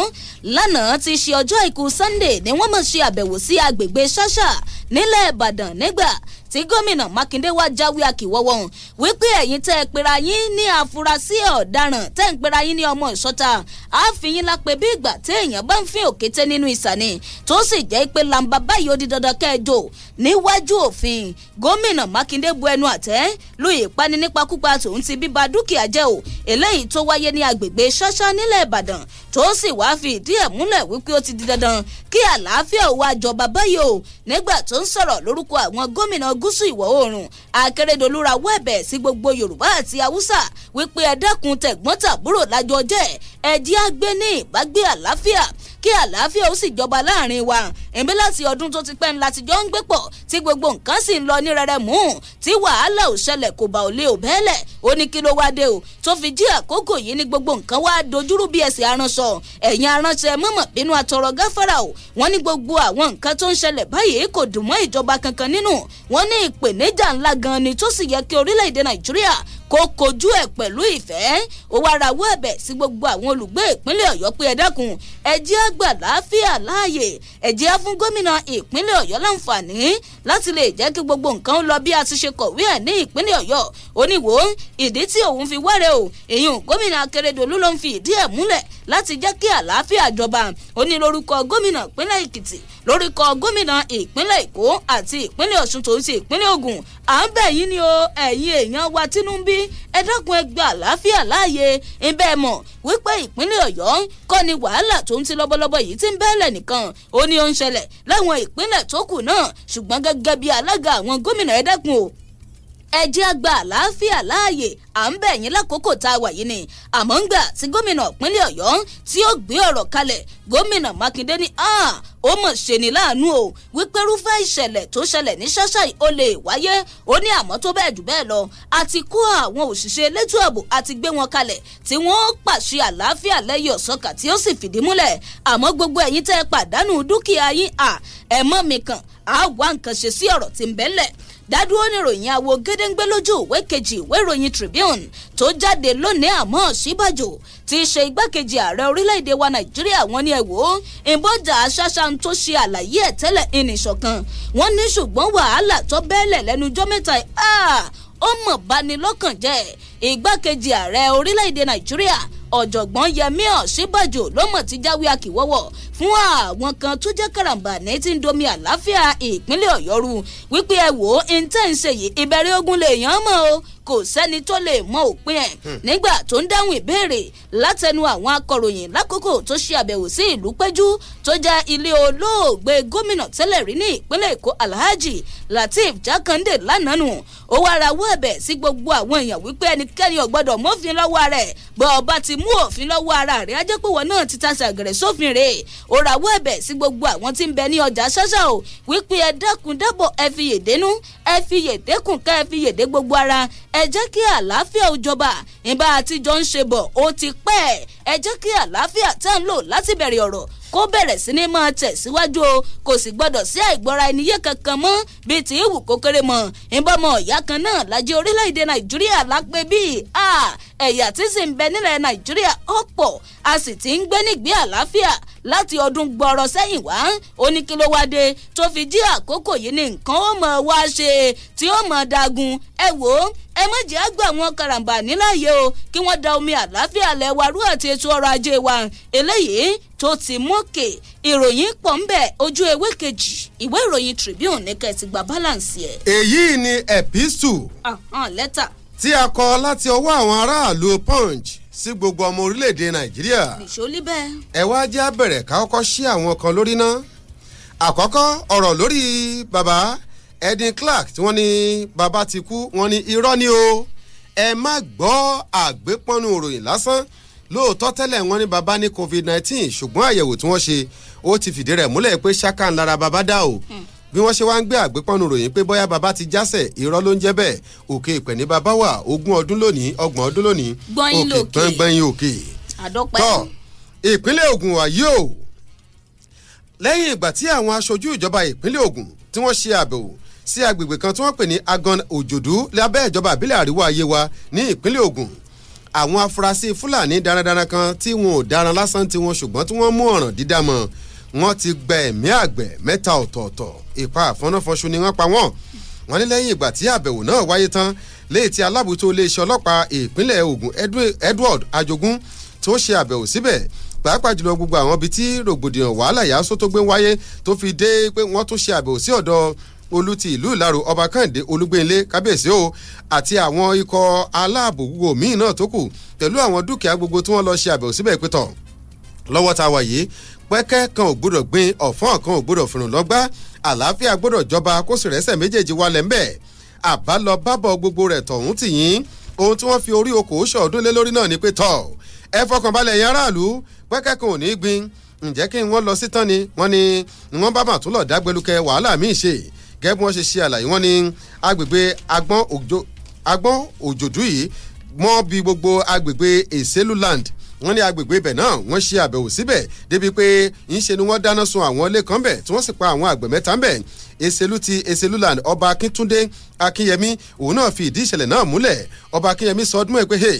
Speaker 2: lánàá ti ṣe ọjọ́ àìkú sunday ni wọ́n mọ̀ ṣe àbẹ̀wò sí agbègbè ṣáṣà nílẹ̀ ìbàdàn nígbà tí gómìnà mákindé wá jáwé àkìwọ́wọ́ hàn wípé ẹ̀yin tẹ́ ẹ pera yín ní àfúrásì ọ̀daràn tẹ́ ń pera yín ní ọmọ ìṣọ́ta àfihàn lápẹ́ bí ìgbà tí èèyàn bá ń fín òkété nínú ìsàní tó sì jẹ́ pé làǹbà báyìí ó di dandan kẹjọ níwájú òfin gómìnà mákindé bu ẹnu àtẹ́ lu ìpani nípakúpa tòun ti bíba dúkìá jẹ́ o eléyìí tó wáyé ní agbègbè ṣáṣá nílẹ̀ ìbàdàn tó sì wá fi ìdí ẹ̀ múlẹ̀ wípé ó ti di dandan kí àlàáfíà ò wá jọba báyìí o nígbà tó ń sọ̀rọ̀ lórúkọ àwọn gómìnà gúúsù ìwọ̀ oòrùn akérèdọ́lù rawọ́ ẹ̀bẹ̀ sí gbogbo yorùbá àti haúsá wípé ẹ dẹ́kun lájọ jẹ́ ẹ jẹ́ ní ìbágbé àlàáfíà kí àlàáfíà ó sì jọba láàrin wa ẹ̀mí láti ọdún tó ti pẹ́ ńlá ti jọ ń gbé pọ̀ tí gbogbo nǹkan sì ń lọ ní rẹ̀rẹ̀ mú tí wàhálà ò ṣẹlẹ̀ kò bà ò lé ò bẹ́ẹ̀lẹ̀ ó ní kí ló wá dé o tó fi jí àkókò yìí ní gbogbo nǹkan wá dojúrú bí ẹsẹ̀ aránṣọ ẹ̀yin aránṣẹ mọ̀mọ̀ bínú àtọrọ gáfárà o wọ́n ní gbogbo àwọn nǹkan tó ń ṣẹlẹ̀ báyìí kò dùn mọ́ ìjọba kankan nínú wọ́n ní ìpèníjà ńlá gan ni tó sì yẹ kí orílẹ̀-èdè nàìjíríà kó kojú ẹ̀ pẹ̀lú ìfẹ́ ó wá rawọ́ ẹ̀bẹ̀ sí gbogbo àwọn olùgbé ìpínlẹ̀ ọ̀yọ́ pé ẹ dákun ẹ jẹ́ gbà láàfíà láàyè ẹ jẹ́ fún gómìnà ìpínlẹ̀ ọ̀yọ́ láǹfààní láti lè jẹ́ kí gbogbo nǹkan lọ bí a ti ṣe kọ̀wé ẹ̀ ní ìpínlẹ̀ ọ̀yọ́ oníwò ìdí tí òun fi wẹ́rẹ̀ o èyàn gómìnà akérèdọ́lù ló ń fi ìdí ẹ̀ múlẹ̀ láti jẹ́ kí àlàáfíà jọba onílórúkọ gómìnà ìpínlẹ̀ èkìtì lórúkọ gómìnà ìpínlẹ̀ èkó àti ìpínlẹ̀ ọ̀ṣun tó ti ìpínlẹ̀ ògùn à ń bẹ̀ yín ni o ẹ̀yin èèyàn wa tínú ń bí ẹ dákun ẹ gba àlàáfíà láàyè ńbẹ́ mọ̀ wípé ìpínlẹ̀ ọ̀yọ́ kọ́ ni wàhálà tó ń ti lọ́bọ̀lọ́bọ̀ yìí ti ń bẹ́ẹ̀lẹ̀ nìkan ó ní ó ń ṣẹlẹ̀ láwọn ìpínlẹ̀ tó kù náà ṣùgbọ́n gẹ́gẹ́ bí alága àwọn gómìnà ẹ dákun o ẹ jẹ́ àgbà àlàáfíà láàyè à ń bẹ̀ yín lákòókò tá a wà yìí ni àmọ́ ń gbà tí gómìnà ìpínlẹ̀ ọ̀yọ́ tí ó gbé ọ̀rọ̀ kalẹ̀ gómìnà mákindé ní ó mọ̀ ṣe ni láàánú o wípé irúfẹ́ ìṣẹ̀lẹ̀ tó ṣẹlẹ̀ ní ṣáṣá yìí ó lè wáyé ó ní àmọ́ tó bẹ́ẹ̀ jù bẹ́ẹ̀ lọ àti kó àwọn òṣìṣẹ́ elétò ààbò àti gbé wọn kalẹ̀ tí wọ́n pàṣẹ àlàáfíà lẹ́yìn ọ̀sọ́kà tí ó sì fìdí múlẹ̀ àmọ́ gbogbo ẹ̀yin tẹ́ pàdánù dúkìá yín à ẹ̀mọ́ mi kàn á wá nǹkan ṣe sí ọ̀rọ̀ tí ń bẹ́lẹ̀ dádúró ní ìròyìn àwo gédéǹgbé lójú ìwé kejì ìwé ìròyìn Tribune tó jáde lónìí àmọ́ síbàjò ti ṣe igbákejì ààrẹ orílẹ̀-èdè wa Nàìjíríà wọn ní ẹ̀wò ìbọ̀jà aṣáṣá tó ṣe àlàyé ẹ̀ tẹ́lẹ̀ ìnìṣọ̀kan wọn ní ṣùgbọ́n wàhálà tó bẹ́ẹ̀lẹ̀ lẹ́nu jọ́ mẹ́ta ah, ó mọ̀ bani lọ́kàn jẹ́ igbákejì ààrẹ orílẹ̀-èdè Nàìjíríà ọ̀jọ̀gbọ́n yẹmí ọ̀sínbàjò ló mọ̀ ti jáwé àkìwọ́wọ́ fún àwọn kan tó jẹ́ karambà ní ti ń domi àlàáfíà ìpínlẹ̀ ọ̀yọ́ rú wípé ẹ wò ó intense yìí ìbẹ̀rẹ̀ ogun lè yàn án mọ́ o kò sẹ́ni tó lè mọ òpin ẹ̀ hmm. nígbà tó ń dáhùn ìbéèrè látẹnu àwọn akọ̀ròyìn lákòókò tó ṣe àbẹ̀wò sí ìlú péjú tó jẹ́ ilé olóògbé gómìnà tẹ́lẹ̀ rí ní ìpínlẹ̀ èkó alhaji lateef jákàndé lánàá nù ó wá rawọ́ ẹ̀bẹ̀ sí gbogbo àwọn èèyàn wípé ẹnikẹ́ni ò mọ́fin lọ́wọ́ rẹ̀ bọ́ ọba ti mú mú òfin lọ́wọ́ ara rẹ̀ ajẹ́ pé wọn náà ti tasẹ̀ àgẹ̀rẹ̀ sófin rè é ó rawọ́ ẹ̀bẹ̀ sí gbogbo àwọn tí ń bẹ ní ọjà ṣáṣá o wípé ẹ dẹ́kun dẹ́bọ̀ ẹ fi yèdénú ẹ fi yèdékùn ká ẹ fi yèdé gbogbo ara ẹ jẹ́ kí àlàáfíà ó jọba ìbá àtijọ́ ń ṣe bọ̀ ó ti pẹ́ ẹ jẹ́ kí àlàáfíà tẹ́ ń lò láti bẹ̀rẹ̀ ọ̀rọ̀ kó bẹ̀rẹ̀ sí ní máa tẹ̀síwájú o kò sì gbọ́dọ̀ sí àìgbọ́ra ẹniyé kankan mọ́ bíi ti ìwù kókéré mọ́ ìbọmọ ìyá kan náà lajẹ orílẹ̀-èdè nàìjíríà lápẹ́ bíi ẹ̀yà tí sì ń bẹ nílẹ̀ nàìjíríà ọ̀pọ̀ a sì ti ń gbé nígbé àlàáfíà láti ọdún gbọrọ sẹ́yìn wá ó ní kí ló wá dé tó fi jí àkókò yìí ní nǹkan ó mọ̀ wá ṣe tí ó mọ̀ dagun ẹ wò ó ẹ má jẹ́ àgbà wọn karambà níláyé o kí wọ́n da omi àlàáfíà lẹ́wà rú àti ètò ọrọ̀ ajé wa eléyìí tó ti mókè ìròyìn pọ̀ ń bẹ̀ ojú ewé kejì ìwé ìròyìn Tribune ní kẹ́sìgbà balance yẹ.
Speaker 3: èyí ni epistle. lẹ́tà. Uh tí a kọ láti ọwọ́ àwọn aráàlú punch sí gbogbo ọmọ orílẹ̀-èdè nàìjíríà.
Speaker 2: nìṣó líbẹ̀.
Speaker 3: ẹ wá jẹ́ abẹ̀rẹ̀ ká kọ́kọ́ ṣí àwọn kan lórí náà. àkọ́kọ́ ọ̀rọ̀ lórí bàbá edin clark tí wọ́n ní bàbá ti kú wọ́n ní irọ́ ni o ẹ má gbọ́ àgbépọ́nú òròyìn lásán lóòótọ́ tẹ́lẹ̀ wọ́n ní bàbá ní covid-19 ṣùgbọ́n àyẹ̀wò tí wọ́n ṣe ó ti fìdí rẹ̀ múlẹ̀ pé ṣáká ńlára bàbá dá o. Hmm bí wọ́n ṣe wá ń gbé àgbépọ́nu ròyìn pé bóyá bàbá ti jásẹ̀ irọ́ ló ń jẹ́ bẹ́ẹ̀ òkè ìpẹ̀ ní bàbá wà ogún ọdún lónìí ọgbọ̀n ọdún lónìí
Speaker 2: òkè gbọ̀ngbọ̀nyìn òkè. tọ́
Speaker 3: ìpínlẹ̀ Ògùn wà yóò lẹ́yìn ìgbà tí àwọn aṣojú ìjọba ìpínlẹ̀ Ògùn tí wọ́n ṣe àbẹ̀wò sí agbègbè kan tí wọ́n pè ní Agan Òjòdú lábẹ́ ìjọba àbílẹ̀ àríwá Ayéwa ní ìpínlẹ̀ Ògùn àwọn afurasí Fúlàní darandaran kan tí wọn ò daran lásán tí wọn ṣùgbọ́n tí wọ́n mú ọ̀ràn dídá mọ́ wọ́n ti gba ẹ̀mí àgbẹ̀ mẹ́ta ọ̀tọ̀ọ̀tọ̀ ìpa àfọ́náfọ́nṣu ni wọ́n pa wọ́n wọ́n ní lẹ́yìn ìgbà tí àbẹ̀wò náà wáyé tán léyìí tí alábòótó iléeṣẹ́ ọlọ́pàá ìpínlẹ̀ Ògùn Edward Ajogun tó ṣe àbẹ̀wò síbẹ̀ pàápàá jùlọ gbogbo àwọn ibi tí rògbòdìyàn wàhálà yàásó tó gbé wáyé tó fi dé pé wọ́n tó ṣe àbẹ̀wò sí ọ̀dọ̀ olú ti ìlú ìlàrò ọba kàǹdé olúgbénlé kábíyèsí o àti àwọn ikọ̀ aláàbò gbogbo míì náà tó kù pẹ̀lú àwọn dúkìá gbogbo tí wọ́n lọ ṣe àbẹ̀wò síbẹ̀ pé tọ̀ ta wà pẹ́kẹ́ kan ò gbọdọ̀ gbin ọ̀fọ́n kan ò gbọdọ̀ fìrùn lọ́gbá àlàáfíà gbọdọ̀ jọba kó sì rẹ́sẹ̀ méjèèjì wálẹ̀ ńbẹ̀ àbálọbábọ̀ gbogbo rẹ̀ tọ̀hún tì yín ohun tí wọ́n fi orí okòó ṣọ̀ọ́dún lé lórí náà ni pé tọ̀ ẹ fọkànbalẹ̀ yẹn aráàlú pẹ́kẹ́ kan ò ní gbin ǹjẹ́ kí wọ́n lọ sí tán ni wọ́n ní wọ́n bá mà lọ dágbélúkẹ wàhálà míì ṣe gẹ́gẹ́ bí wọ́n ṣe ṣe àlàyé wọ́n ní agbègbè agbọ́n òjòdú yìí mọ́ bí gbogbo agbègbè èsèlú land wọ́n ní agbègbè ibẹ̀ náà wọ́n ṣe àbẹ̀wò síbẹ̀ débi pé ńṣe ni wọ́n dáná sun àwọn ilé kan bẹ̀ tí wọ́n sì pa àwọn àgbẹ̀ mẹ́ta ń bẹ̀ eselu ti eseluland ọba akíntúndé akínyẹmí òun náà fi ìdí ìṣẹ̀lẹ̀ náà múlẹ̀ ọba akínyẹmí sọ ọdún ẹ̀ pé hey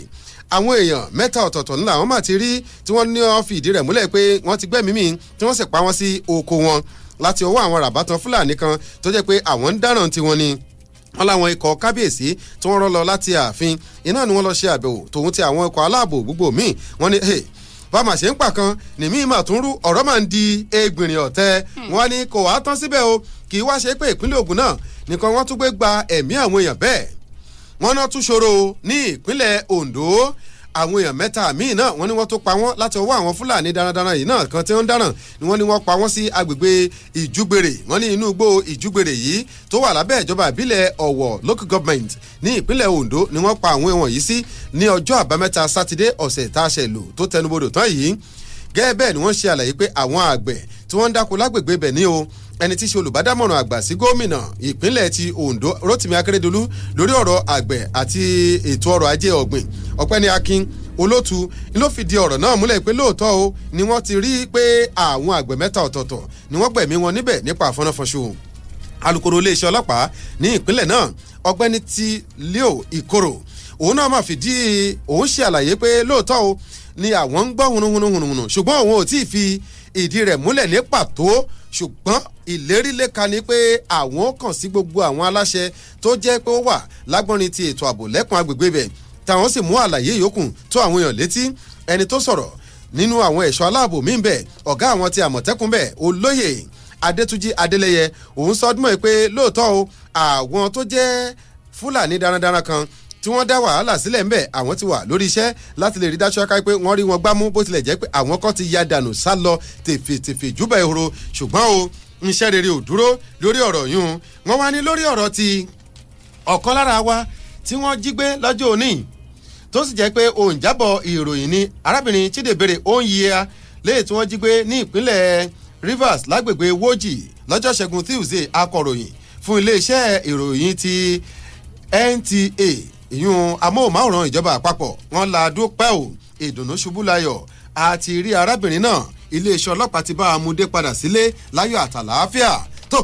Speaker 3: àwọn èèyàn mẹ́ta ọ̀tọ̀ọ̀tọ̀ ńlá wọn mà ti rí tí wọ́n ní wọ́n fi ìdí rẹ̀ múlẹ̀ pé wọ́n ti gbẹ́mìí mì tí wọ́n sì pa wọ́n sí oko wọn láti ọwọ́ àwọn ràbátan fúlàní kan tó jẹ́ pé àwọn ń dáràn tiwọn ni wọ́n láwọn ikọ̀ kábíyèsí tí wọ́n rọ́ lọ láti ààfin iná ni wọ́n lọ ṣe àbẹ̀wò tòun ti àwọn ikọ̀ aláàbò gbogbo míì wọ́n ní bàmà ṣe ń pa kan nìmí mà tún rú ọ̀rọ̀ máa ń di egbìnrin ọ̀tẹ̀ hmm. wọ́n ní kò wá tán síbẹ̀ o kì í wá ṣe pé ìpínlẹ̀ Ògùn náà nìkan wọ́n tún gbé gba ẹ̀mí àwọn èèyàn bẹ́ẹ̀ wọ́n náà tún ṣòro ní ìpínlẹ̀ Ondo àwọn èèyàn mẹ́ta míì náà wọ́n ní wọ́n tó pa wọ́n láti ọwọ́ àwọn fúlàní darandaran yìí náà kan tí wọ́n ń dáràn ni wọ́n ní wọ́n pa wọ́n sí agbègbè ìjúgbèrè wọ́n ní inú igbó ìjúgbèrè yìí tó wà lábẹ́ ìjọba ìbílẹ̀ ọ̀wọ̀ local government ní ìpínlẹ̀ Ondo ni wọ́n pa àwọn èèwọ̀n yìí sí ní ọjọ́ àbámẹ́ta sátidé ọ̀sẹ̀ tá a ṣe lò tó tẹnubodò tán yìí gẹ́gẹ́ bẹ́ẹ̀ ni wọ́n ṣe àlàyé pé àwọn àgbẹ̀ tí wọ́n ń dáko lágbègbè bẹ̀ ní o ẹni tí í ṣe olùbádámọ̀ràn àgbà sí gómìnà ìpínlẹ̀ ti Ondo Rotimi Akeredolu lórí ọ̀rọ̀ àgbẹ̀ àti ètò ọrọ̀ ajé ọ̀gbìn Ọ̀pẹ́ni Akin olótú ló fìdí ọ̀rọ̀ náà múlẹ̀ pé lóòótọ́ o ni wọ́n ti rí i pé àwọn àgbẹ̀ mẹ́ta ọ̀tọ̀ọ̀tọ̀ ni wọ́n gbẹ̀mí wọn níbẹ̀ nípa àfọ́náfọ́nṣó alukoro iléeṣẹ́ ọlọ́pàá ní ìpínlẹ̀ náà ọ̀gbẹ́ni ti Leo Ikoro òun náà máa fìdí òun ṣe àlàyé pé lóòótọ́ o ni àwọn ń gbọ́ hunuhunuhunuhunu ṣùgbọ́n òun ò tí fi ìdí rẹ̀ múlẹ̀ ní pàtó ṣùgbọ́n ìlérí léka ni pé àwọn kàn sí gbogbo àwọn aláṣẹ tó jẹ́ pé ó wà lágbọ́nrin ti ètò ààbò lẹ́kùn agbègbè bẹ̀ táwọn sì mú àlàyé yòókù tó àwọn èèyàn létí ẹni tó sọ̀rọ̀ nínú àwọn ẹ̀ṣọ́ aláàbò míì bẹ̀ ọ̀gá àwọn ti àmọ̀tẹ́kùn bẹ̀ olóyè adétúnjì adélẹyẹ òun sọdúnmọ́ pé lóòótọ́ o àwọn tó jẹ́ fúlàní darandaran kan tí wọ́n dá wàhálà sílẹ̀ ńbẹ̀ àwọn ti wà lórí iṣẹ́ láti lè rí dájú ká pé wọ́n rí wọn gbámú bó tilẹ̀ jẹ́ pé àwọn kan ti ya dànù sá lọ tèfètèfè júbà ehoro ṣùgbọ́n o iṣẹ́ rere ò dúró lórí ọ̀rọ̀ yún wọ́n wá ní lórí ọ̀rọ̀ ti ọ̀kan lára wa tí wọ́n jí gbé lọ́jọ́ òní tó sì jẹ́ pé òǹjábọ̀ ìròyìn ni arábìnrin Chidebere Onyia léè tí wọ́n jí gbé ní ìpínlẹ̀ Rivers lágbègbè Woji lọ́jọ́ Ṣẹ́gun Tuesday akọ̀ròyìn fún iléeṣẹ́ ìròyìn ti NTA ìyún amóhùnmáwòrán ìjọba àpapọ̀ wọn la dúpẹ́ o ìdùnnú ṣubú layọ̀ àti rí arábìnrin náà iléeṣẹ́ ọlọ́pàá ti bá a padà sílé láyọ̀ àtàlàáfíà tó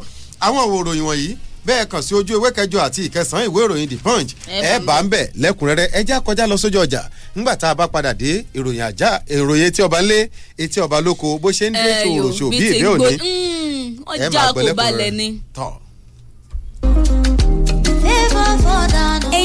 Speaker 3: àwọn òròyìn wọ̀nyí bẹ́ẹ̀ kàn sí ojú ewé kẹjọ àti ìkẹsàn-án ìwé ìròyìn the punch ẹ bá ń bẹ̀ lẹ́kùnrẹ́rẹ́ ẹ já kọjá lọ sójú ọjà ńgbà tá a bá padà dé ìròyìn àjá ìròyìn etí ọba ńlé etí ọba lóko bó ṣe ń dé ètò òròṣò bí ìwé òní hmm, ẹ máa gbọ́ lẹ́kùnrẹ́rẹ́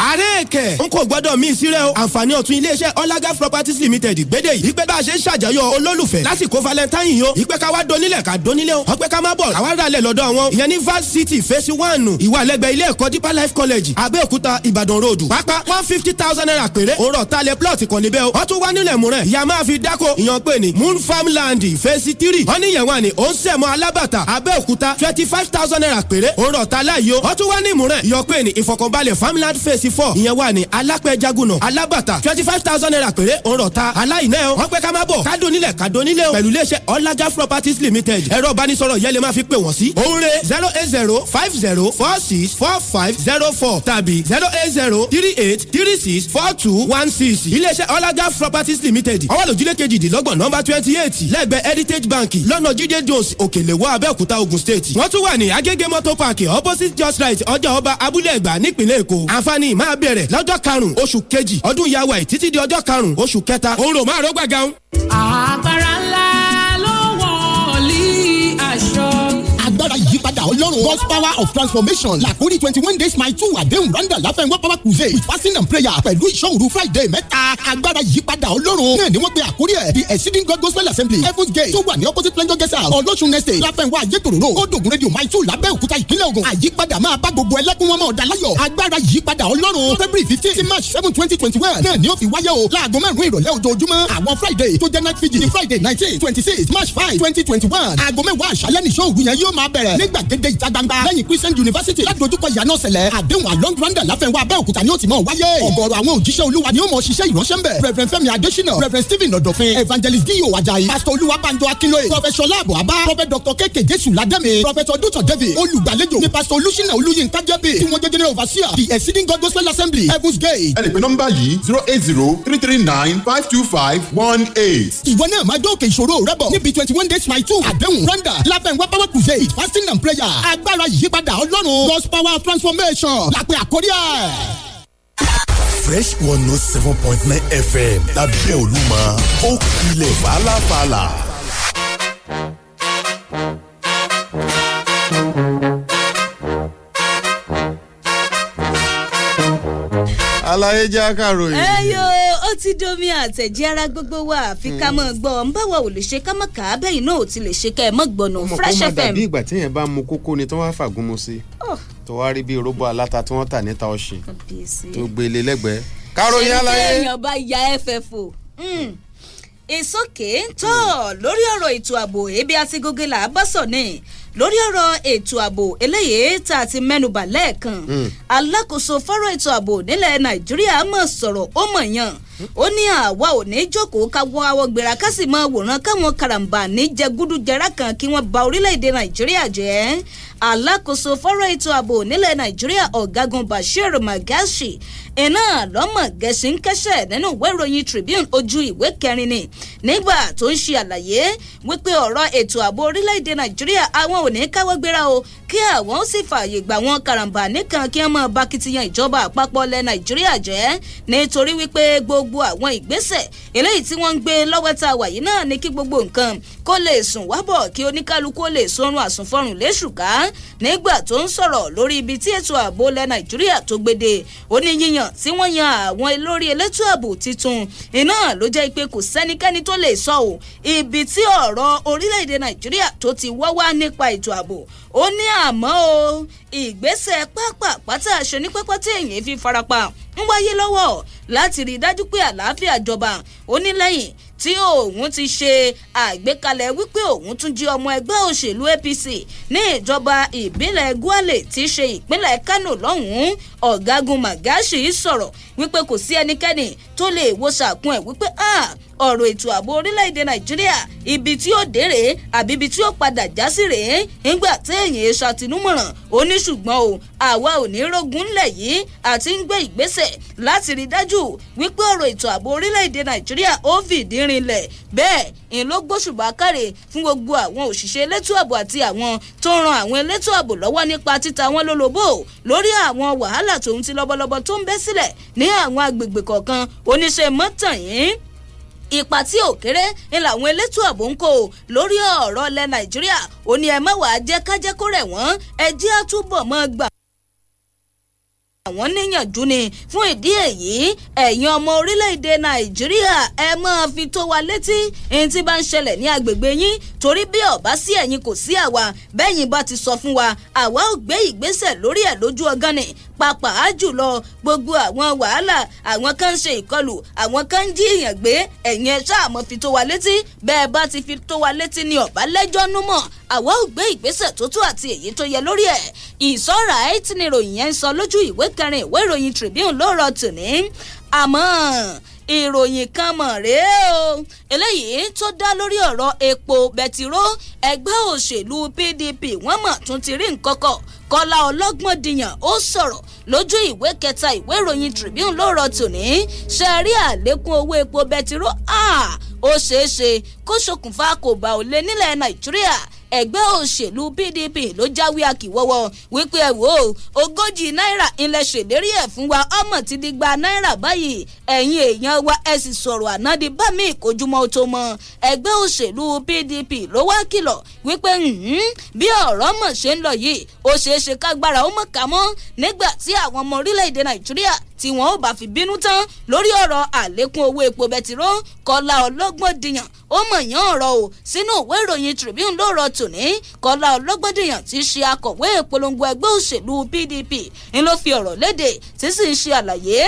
Speaker 5: àárẹ̀ ẹ̀kẹ́ n kò gbọ́dọ̀ mí ìsirẹ́ o àǹfààní ọ̀tún iléeṣẹ́ ọlágá properties limited gbédè yìí ìpè bá a ṣe ń ṣàjọyọ̀ olólùfẹ́ lásìkò valentine yìí o ìpè ká wá donílẹ̀ ká donílẹ̀ o ọpẹ́ ká má bọ̀ àwa rà lẹ̀ lọ́dọ̀ wọn ìyẹn ní val city phase one ìwà lẹ́gbẹ̀ẹ́ ilé ẹ̀kọ́ deeper life college abẹ́òkúta ìbàdàn road pápá one fifty thousand naira péré òrò talẹ̀ plot kan níbẹ̀ o wọ́n tún wá nílẹ̀ múrẹ̀ ìyá máa fi dáko ìyàn pè ní moon farmland phase three wọ́n níyẹn wà ní òǹsẹ̀mọ́ alábàtà abẹ́òkúta twenty five thousand naira péré òrò talẹ̀ yìí o wọ́n tún wá ní múrẹ̀ ìyàn pè phase four ìyẹn wà ní alápẹ̀jagunà alábàtà twenty five thousand naira péré òǹrọ̀ ta aláìnẹ́ o wọ́n pẹ́ ká má bọ̀ kádùn nílẹ̀ kádùn nílẹ̀ o pẹ̀lú iléeṣẹ́ ọlájà properties limited ẹ̀rọ ìbánisọ̀rọ̀ yẹn lè máa fi pè wọ́n sí òǹrẹ̀ zero eight zero five zero four six four five zero four tàbí zero eight zero three eight three six four two one six iléeṣẹ́ ọlájà properties limited ó wà lójúlé kejìdínlọ́gbọ̀n nọ́mbà twenty eight lẹ́gbẹ̀ẹ́ heritage bank lọ́nà jíjẹ́ jones òkèlèwọ̀ abẹ́òkúta ogun state wọ́n tún wà ní agége motor park opposite just right ọjà ọba abúlé ẹ̀gbá nípìnlẹ̀ èkó àǹfààní máa bẹ̀rẹ̀ lọ́jọ́ karùn-ún oṣù kejì ọdún yàwá ẹ̀ títí di ọjọ́ karùn-ún oṣù kẹta òun rò máa rọ́gbà gan.
Speaker 7: àpárá ńlá ló wọ̀ ọ́ agbára y ìyípadà ọlọ́run God's power of transformation làkúrí twenty one days my two àdéhùn randa láfẹnwọ́ power crusade with fasting and prayer pẹ̀lú ìṣòro friday mẹ́ta agbára ìyípadà ọlọ́run náà ni wọ́n pe àkúrí ẹ̀ the exceeding God gospel assembly heaven's gate tó wà ní opposite plenjo guest house ọlọ́sùn next day láfẹnwọ́ ajẹ́tòrò road odogun radio my two lábẹ́òkúta ìpínlẹ̀ ògùn àyípadà máa bá gbogbo ẹlẹ́kún wọn mọ̀ ọ̀dà láyọ̀ agbára ìyípadà ọlọ́run february fifteen sí march seven twenty twenty one náà ni ó fi wáyé o láago márùn-ún ìrọ̀lẹ́ ojoojúmọ́ àwọn friday tó jẹ́ night vigil friday nineteen twenty six march five twenty twenty one aago mẹ́wàá àṣálẹ́ nìṣó òru yẹn yóò máa bẹ̀rẹ̀ nígbà gbàgede ìta gbangba lẹ́yìn christian university ládojúkọ ìyànà sẹ̀lẹ̀ àdéhùn along rwanda láfẹnwá abẹ́òkúta ni ó ti mọ̀ wáyé ọ̀gọ̀rọ̀ àwọn òjíṣẹ́ olúwa ni ó mọ̀ ṣiṣẹ́ ìránṣẹ́ ń bẹ̀ reverend fẹ́mi adésínà reverend stephen ọ̀dọ̀fin evangelist dio ajayi pastor olúwabanjo akínlóye professor labo abá professor dr keke jésù ládẹ́mi professor dutton david olùgbàlejò ni pastor olùsínà olùyínká jẹ́bi tí wọ́n jẹ́ general overseer the exceeding god gospel assembly heavens gate. ẹ lè zero eight zero three three nine five two five one eight. ìwọ náà máa jókè ìṣòro rẹ bọ̀ níbi twenty one days my two àdéhùn rwanda láfẹnwá power crusade fasting and prayer ìjìyà agbára ìyípadà ọlọ́run God's power transformation la àkórí ẹ̀.
Speaker 1: fresh one note oh seven point nine fm lábẹ́ olúmọ ó kilẹ̀ fàlàfàlà.
Speaker 3: alaye jẹ́ akàròyìn. ẹyọ
Speaker 2: ó ti domi àtẹ̀jẹ́ ara gbogbo wa àfi ká mọ̀ hmm. gbọ́ ń báwa ò lè ṣe ká mọ̀ ká bẹ́yìn náà ò ti lè ṣe ká ẹ̀ mọ̀ gbọ̀nà fresh fm. ọmọ kò má dàbí
Speaker 3: ìgbà tí yẹn bá mu kókó ni tí wọ́n á fàgún mu sí oh. tó wá rí bí robo aláta tí wọ́n tà níta ọ̀sìn tó gbélé lẹ́gbẹ̀ẹ́ kàròyìn alaye. ṣé
Speaker 2: èèyàn bá ya ffo hmm. ìsókè ń tọ̀ lórí ọ̀rọ̀ ètò ààbò ebi àti gògèlà bọ́sọ̀ ni lórí ọ̀rọ̀ ètò ààbò eléyìí tá a ti mẹ́nubà lẹ́ẹ̀kan hmm. alákòóso fọ́rọ̀ ètò ààbò nílẹ̀ nàìjíríà mọ̀ sọ̀rọ̀ ó mọ̀ yàn ó ní àwa ò ní jókòó káwọn awọ gbéra ká sì mọ wòran káwọn karambà ní jẹgúdújẹrá kan kí wọ́n ba orílẹ̀-èdè nàìjíríà jẹ́ alákòóso fọ́rọ̀ ètò ààbò nílẹ̀ nàìjíríà ọ̀gágun bashir magashi iná lọ́mọ gẹ̀ẹ́sì ń kẹ́sẹ̀ nínú ìwé ìròyìn tribune ojú ìwé kẹrin ni nígbà tó ń ṣe àlàyé wípé ọ̀rọ̀ ètò ààbò orílẹ̀-èdè nàìjíríà àwọn ò ní káwọ́ gbéra o kí àwọn ó sì fààyè gbà wọn karambà nìkan kí wọ́n máa bá kitiyan ìjọba àpapọ̀ lẹ̀ nàìjíríà jẹ́ nítorí wípé gbogbo àwọn ìgbésẹ̀ eléyìí tí wọ́n ń gbé lọ́wọ́ tá wà yìí náà ni kí gbogbo nǹkan kó lè sùn wábọ̀ kí oníkálukú lè sọrun àsùnfọ̀rùn léṣùká nígbà tó ń sọ̀rọ̀ lórí ibi tí ètò ààbò ilẹ̀ nàìjíríà tó gbede ó ní yíyan tí wọ́n yan àwọn olórí elétò ààbò titun iná ló jẹ́ pé kò sẹ́nikẹ́ni tó lè sọ ò ibi tí ọ̀rọ̀ orílẹ̀-èdè nàìjíríà tó ti wọ́wá nípa ètò ààbò ó ní àmọ́ o ìgbésẹ̀ pápá pátá aṣọ ní pẹ́pẹ́ tí èyí fi farapa ń wáyé lọ́wọ́ láti rí i dájú pé àlàáfíà jọba ó ní lẹ́yìn tí òun ti ṣe àgbékalẹ̀ wípé òun tún jí ọmọ ẹgbẹ́ òṣèlú APC ní ìjọba ìbílẹ̀ Gwale tí í ṣe ìpínlẹ̀ Kano lọ́hùn-ún ọ̀gágun Magashi sọ̀rọ̀ wípé kò sí ẹnikẹ́ni tó lè wo ṣàkun ẹ̀ wípé ah ọ̀rọ̀ ètò ààbò orílẹ̀-èdè nàìjíríà ibi tí ó dé rèé àbí ibi tí ó padà já sí rèé ńgbà téèyàn ṣàtinúmọ̀ràn ó ní ṣùgbọ́n o àwa ò ní rógun ńlẹ̀ yìí àti ń gbé ìgbésẹ̀ láti rí dájú wípé ọ̀rọ̀ ètò ààbò orílẹ̀-èdè nàìjíríà ó fìdí rinlẹ̀ bẹ́ẹ̀ ń ló gbóṣùbà káre fún gbogbo àwọn òṣìṣẹ́ elétò ààbò àti àwọn tó ń ran àwọn elétò ààbò lọ́wọ́ nípa títa wọn lólobó lórí àwọn wàhálà tòun ti lọ́bọ̀lọ́bọ̀ tó ń bẹ́ sílẹ̀ ní àwọn agbègbè kọ̀ọ̀kan oníṣẹ́ mọ́tàn yìí ipa tí ò kéré ni làwọn elétò ààbò ń kó lórí ọ̀rọ̀ ilẹ̀ nàìjíríà ó ní ẹ mẹ́wàá jẹ́ kájẹ́kó rẹ̀ wọ́n ẹ jẹ́ àtúbọ̀ mọ́ gbà àwọn níyànjú ni fún ìdí èyí ẹ̀yin ọmọ orílẹ̀-èdè nàìjíríà ẹ máa fi tó wa létí ẹni tí bá ń ṣẹlẹ̀ ní agbègbè yín torí bí ọ̀bá sí ẹ̀yin kò sí àwa bẹ́yìn bá ti sọ fún wa àwa ò gbé ìgbésẹ̀ lórí ẹ̀ lójú ọgán ni pàápàá jùlọ gbogbo àwọn wàhálà àwọn kan ń ṣe ìkọlù àwọn kan ń jíyàn gbé ẹ̀yin ẹ̀ṣá àmọ́ fi tó wa létí bẹ́ẹ̀ bá ti fi tó wa létí ni ọ̀bá lẹ́jọ́ nú mọ̀ àwa ò gbé ìgbésẹ̀ tó tó àti èyí tó yẹ lórí ẹ̀ ìsọ̀ràìtì níròyìn yẹn ń sọ lójú ìwé k kẹrin ìwé ìròyìn Tribune lóòrọ̀ tòní àmọ́ ìròyìn kan mọ̀ rèé o eléyìí tó dá lórí ọ̀rọ̀ epo bẹtiró ẹgbẹ́ òṣèlú PDP wọ́n mọ̀ tún ti rí nǹkan kọ̀ Kọ́lá Ọlọ́gbọ́ndìyàn ó sọ̀rọ̀ lójú ìwé kẹta ìwé ìròyìn Tribune lóòrọ̀ tòní ṣe rí àlékún owó epo bẹtiró ó ṣeé ṣe kó ṣokùnfà kò bá òlé nílẹ̀ nàìjíríà ẹgbẹ́ òṣèlú PDP ló jáwé àkìwọ́wọ́ wípé ẹ wò ó ogójì náírà ilẹ̀ ṣèlérí ẹ̀ fún wa ọmọ ti di gba náírà báyìí ẹ̀yin èèyàn wa ẹ sì sọ̀rọ̀ ànádi bá mi ìkojúmọ́ tó mọ́ ẹgbẹ́ òṣèlú PDP ló wá kìlọ̀ wípé bí ọ̀rọ̀ mọ̀ ṣe ń lọ yìí ó ṣeé ṣe kágbára ó mọ̀ ká mọ́ nígbà tí àwọn ọmọ orílẹ̀-èdè Nàìjíríà tí wọn ò bá fi bínú tán lórí ọ̀rọ̀ àlékún owó epo bẹtiró kọlá ọlọ́gbọ́n dìyàn ó mọ̀ yán ọ̀rọ̀ o sínú ìwé ìròyìn Tribune lóòrọ̀ tòní Kọ́lá Ọlọ́gbọ́ndìyàn ti ṣe akọ̀wé ìpolongo ẹgbẹ́ òṣèlú PDP ń ló fi ọ̀rọ̀ léde tí sì ń ṣe àlàyé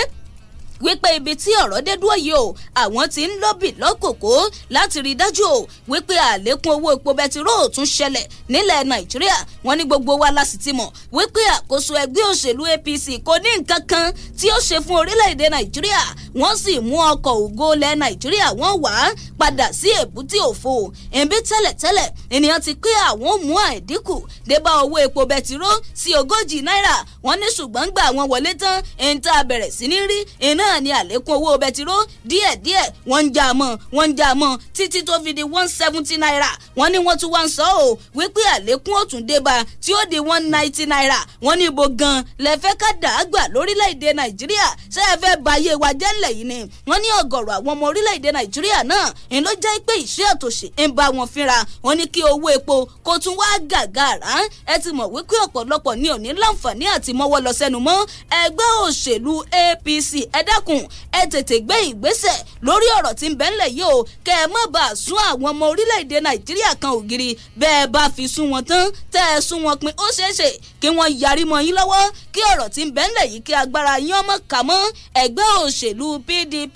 Speaker 2: wípé ibi tí ọ̀rọ̀ dé dúró yìí o àwọn ti ń lọ́bì lọ́kòkó láti rí dájú o wípé àlékún owó epo bẹtiró tún ṣẹlẹ̀ nílẹ̀ nàìjíríà wọn ní gbogbo wa la sì ti mọ̀ wípé àkóso ẹgbẹ́ òṣèlú apc kò ní nǹkan kan tí ó ṣe fún orílẹ̀-èdè nàìjíríà wọ́n sì mú ọkọ̀ ògo ilẹ̀ nàìjíríà wọ́n wá padà sí èbúté òfo ẹ̀bí tẹ́lẹ̀tẹ́lẹ̀ ènìyàn ti pé àwọn ò mú àìdínkù débá owó epo bẹtiró sí ogójì náírà wọ́n ní ṣùgbọ́n gbà wọ́n wọlé tán ẹ̀ńtà bẹ̀rẹ̀ sí ní rí iná náà ni àlékún owó bẹtiró díẹ̀díẹ̀ wọ́n ń já mọ́ wọ́n ń já mọ́ títí tó fi di one seventy naira wọ́n ní wọ́n tún wá ń sọ ọ́ wípé àlékún ó tún dé bá tí ó di one ninety naira wọ́n ní ibo gan lẹ́fẹ́ ká dàgbà lórílẹ̀‐èdè nàìjíríà ṣé ẹ fẹ́ ba ayé wa jẹ́ ńlẹ̀ yìí ni wọ́n ní ọ̀gọ̀rọ̀ àwọn ọmọ orílẹ̀‐èdè nàìjíríà náà ń ló jẹ́ pé ìṣẹ́ àtòṣe ń bá wọn fínra wọ́n ní kí owó epo kó tún wá gàgàrà ẹ ti mọ̀ wípé ọ̀pọ̀lọpọ̀ ni ò ní láǹfààní àti mọ́wọ́ lọ sẹ́nu mọ́ ẹgbẹ́ òṣèlú APC ẹ̀dá dákun ẹ tètè gbé ìgbésẹ̀ lórí ọ̀rọ̀ tí ń bẹ ńlẹ̀ yìí o kẹ́ ẹ má bàa sún àwọn ọmọ orílẹ̀ nàìjíríà kan ògiri bẹ́ẹ̀ bá fi sún wọn tán tẹ́ ẹ sún wọn pin ó ṣeéṣe kí wọ́n yarí mọ́ yín lọ́wọ́ kí ọ̀rọ̀ tí ń bẹ ńlẹ̀ yìí kí agbára yín ọmọ kà mọ́ ẹgbẹ́ òṣèlú PDP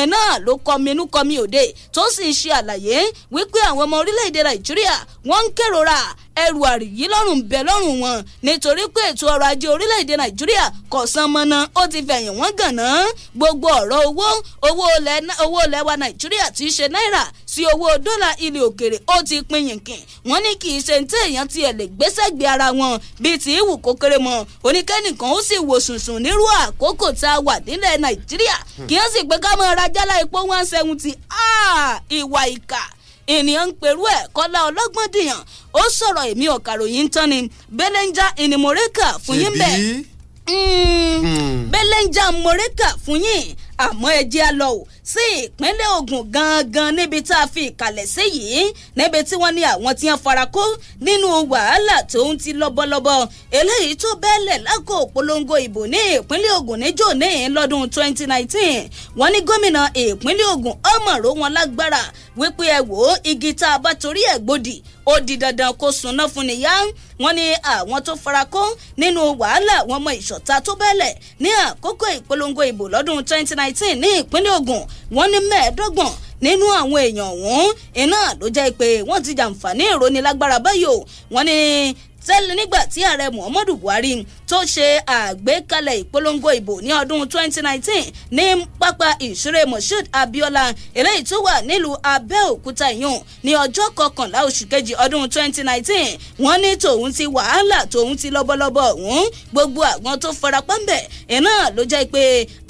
Speaker 2: iná ló kọminú kọmi òde tó sì ń ṣe àlàyé wípé àwọn ọmọ orílẹ̀ nàìjíríà wọ́n ń kérora ẹrù àríyí lọ́rùn bẹ́ lọ́rùn wọn nítorí pé ètò ọrọ̀ ajé orílẹ̀-èdè nàìjíríà kò san ó ti fẹ̀yìn wọ́n gànán gbogbo ọ̀rọ̀ owó owó ilẹ̀ wa nàìjíríà ti ṣe náírà sí owó dọ́là ilẹ̀ òkèrè ó ti pin yìnkìn wọ́n ní kì í ṣe tí èèyàn tiẹ̀ lè gbéṣẹ́ gbé ara wọn bíi ti ìwù kókéré mọ́ oníkẹ́nìkan ó sì wò sùnsùn nírú àkókò tá a wà nílẹ̀ nàìjíríà hmm. kì í sì pé ká mọ ra jálá epo one seventy ìwà ìkà ènìyàn ń perú ẹ̀ kọ́lá ọlọ́gbọ́n dìyàn ó sọ̀rọ̀ èmi ọ̀kàròyìn tán ni belenja ìnimọ̀rẹ́kà fún yín bẹ́ẹ̀. Hmm. Hmm. bẹ́lẹ̀ ń jà mọ̀rẹ́kà fún yín àmọ́ ẹ jẹ́ lọ o sí ìpínlẹ̀ ogun gangan níbi tá a fi ìkàlẹ̀ sí yìí níbi tí wọ́n ní àwọn tí wọ́n fara kó nínú wàhálà tó ń ti lọ́bọ̀lọ́bọ̀ eléyìí tó bẹ́ẹ̀lẹ̀ lákò polongo ìbò ní ìpínlẹ̀ Ògùn níjò ní lọ́dún 2019 wọ́n ní gómìnà ìpínlẹ̀ ogun ọmọọ̀rọ̀ wọn lágbára wípé ẹ wò ó igi tá a bá torí ẹ̀ gbòdì ó di dandan kó sunná fún nìyá wọn ni àwọn tó farakó nínú wàhálà àwọn ọmọ ìṣọ̀ta tó bẹ́ẹ̀lẹ̀ ní àkókò ìpolongo ìbò lọ́dún 2019 nineteen ní ìpínlẹ̀ Ògùn wọ́n ní mẹ́ẹ̀ẹ́dọ́gbọ̀n nínú àwọn èèyàn ọ̀hún iná ló jẹ́ pé wọ́n ti jàǹfààní ìrónilágbára báyìí o wọ́n ní tẹ́lẹ̀ nígbà tí ààrẹ muhammadu buhari tó ṣe àgbékalẹ̀ ìpolongo ìbò ní ọdún 2019 ní pápá ìṣeré moshood abiola eléyìí tó wà nílùú abẹ́òkúta ìyún ní ọjọ́ kọkànlá oṣù kejì ọdún 2019 wọ́n ní tòun ti wàhálà tòun ti lọ́bọ̀lọ́bọ̀ ọ̀hún gbogbo àwọn tó farapá ń bẹ̀ ẹ̀ náà ló jẹ́ pé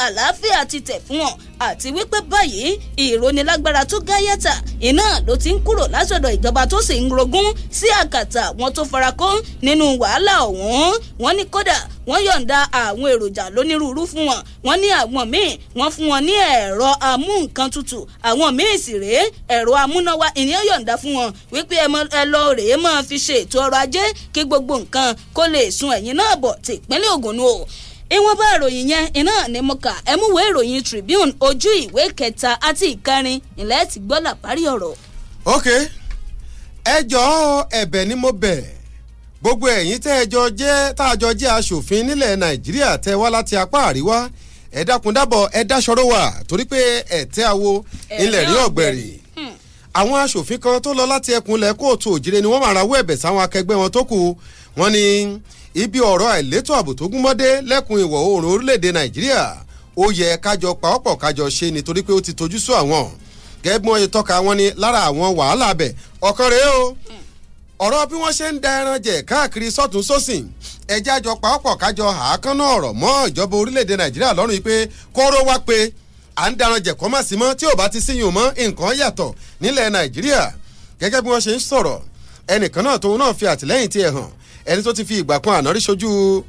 Speaker 2: àlàáfíà ti tẹ̀ fún wọn àti wípé báyìí ìrónilágbára tó gáyàtà iná ló ti ń kúrò lásọ̀dọ̀ ìjọba tó sì ń rogún sí àkàtà wọn tó farakó nínú wàhálà ọ̀hún wọn ní kódà wọ́n yọ̀ǹda àwọn èròjà lónírúurú fún wọn wọ́n ní àwọn míì wọ́n fún wọn ní ẹ̀rọ amúnkan tutù àwọn míì sì rèé ẹ̀rọ amúnáwá ìyẹn yọ̀ǹda fún wọn wípé ẹ lọ rèé máa fi ṣe ọrọ̀ ajé kí gbogbo nǹkan kó lè sun ẹ̀yìn náà bọ̀ tìpínlẹ̀ Ògùn nù ìwọ̀nba ìròyìn yẹn iná ni mo kà ẹ mú ìwé ìròyìn Tribune ojú ìwé kẹta àti ìkẹrin ilẹ̀ ti gbọ́ làbárí ọ̀rọ̀.
Speaker 3: ok ẹ jọ̀ọ́ ẹ̀bẹ̀ ni mo bẹ̀ gbogbo ẹ̀yin tẹ́ ẹ jọ jẹ́ tá a jọ jẹ́ aṣòfin nílẹ̀ Nàìjíríà tẹ́ wá láti apá àríwá ẹ dákun dábọ̀ ẹ dáṣọrọ wà torí pé ẹ tẹ́ awo ilẹ̀ rí ọ̀gbẹ̀rì hmm. àwọn aṣòfin kan tó lọ láti ẹkùnlẹ̀ kóòtù òjìrè ni wọ́n máa rawọ́ ẹ̀bẹ̀ sáwọn akẹgbẹ́ wọn tó kù wọ́n ní. Hmm ibi ọ̀rọ̀ àìlétò ààbò tó gún mọ́dé lẹ́kùn ìwọ̀ oòrùn orílẹ̀-èdè nàìjíríà ó yẹ kájọ pàápọ̀ kájọ ṣe nítorí pé ó ti tojú sú àwọn gẹ́gẹ́ bí wọ́n tọ́ka wọn ni lára àwọn wàhálà abẹ̀ ọ̀kan rèé o ọ̀rọ̀ bí wọ́n ṣe ń da ẹran jẹ káàkiri sọ́tún sósìn ẹjẹ́ àjọ pàápọ̀ kájọ àákánná ọ̀rọ̀ mọ́ ìjọba orílẹ̀-èdè nàìjíríà lọ́rùn yìí pé kóró wá pé à ń daran jẹ̀kọ́ má sí mọ́ tí ò bá ti síyùn mọ́ nǹkan yàtọ̀ nílẹ̀ nàìjíríà gẹ́gẹ́ bí wọ́n ṣe ń sọ̀rọ̀ ẹnìkan náà tóun náà fi àtìlẹ́yìn tiẹ̀ hàn ẹni tó ti fi ìgbà kan ànárí ṣojú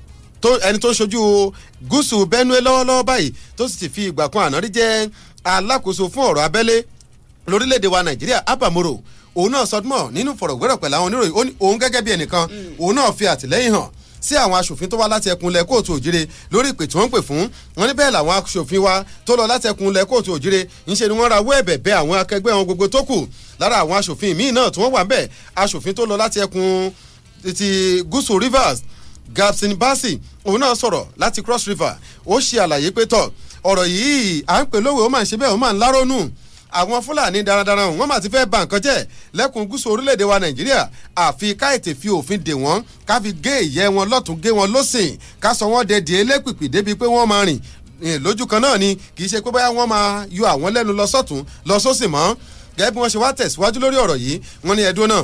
Speaker 3: ẹni tó ń ṣojú gúúsù Benue lọ́wọ́lọ́wọ́ báyìí tó sì ti fi ìgbà kan ànárí jẹ́ alákòóso fún ọ̀rọ̀ abẹ́lé lórílẹ̀‐èdè wa Nàìjíríà Abba Moro òun náà sọdúnmọ̀ nínú fọ̀rọ̀wérọ̀ pẹ̀lú àwọn oníròyìn ó ní òun gẹ́gẹ́ bí ẹnìkan hmm. òun náà fi àtìlẹ́yìn hàn sí àwọn aṣòfin tó wá láti ẹkùnlẹ̀ kóòtù òjire lórí ìpè tí wọ́n ń pè fún wọn ní bẹ́ẹ̀ làwọn aṣòfin wa tó lọ láti ẹkùnlẹ̀ kóòtù òjire ńṣe ni wọ́n rawọ́ ẹ̀bẹ̀ bẹ̀ àwọn akẹgbẹ́ wọn gbogbo tó kù lára àwọn aṣòfin míì náà tí wọ́n wà ń bẹ̀ aṣòfin tó lọ láti ẹkùn ti gúúsù rivers gabson bassey òun náà sọ̀rọ̀ láti cross river ó ṣe àlàyé pé tọ̀ ọ̀rọ̀ yìí à ń pè lówe ó máa ń ṣe bẹ́ẹ̀ ó máa ń lárónù àwọn fúlàní darandaran wọn mà ti fẹ́ ba nǹkan jẹ́ lẹ́kùn gúúsù orílẹ̀-èdè wa nàìjíríà àfi ká ètè fi òfin dè wọ́n ká fi gé ìyẹ́ wọn lọ́tún gé wọn lọ́sìn ká sọ wọ́n dẹ̀dẹ̀ elépìpì débi pé wọ́n máa rìn lójú kan náà ni kì í ṣe pé báyà wọ́n máa yọ àwọn lẹ́nu lọ sọ́tún lọ sósì mọ́ gẹ́gẹ́ bí wọ́n ṣe wá tẹ̀síwájú lórí ọ̀rọ̀ yìí wọ́n ní ẹ̀dùn náà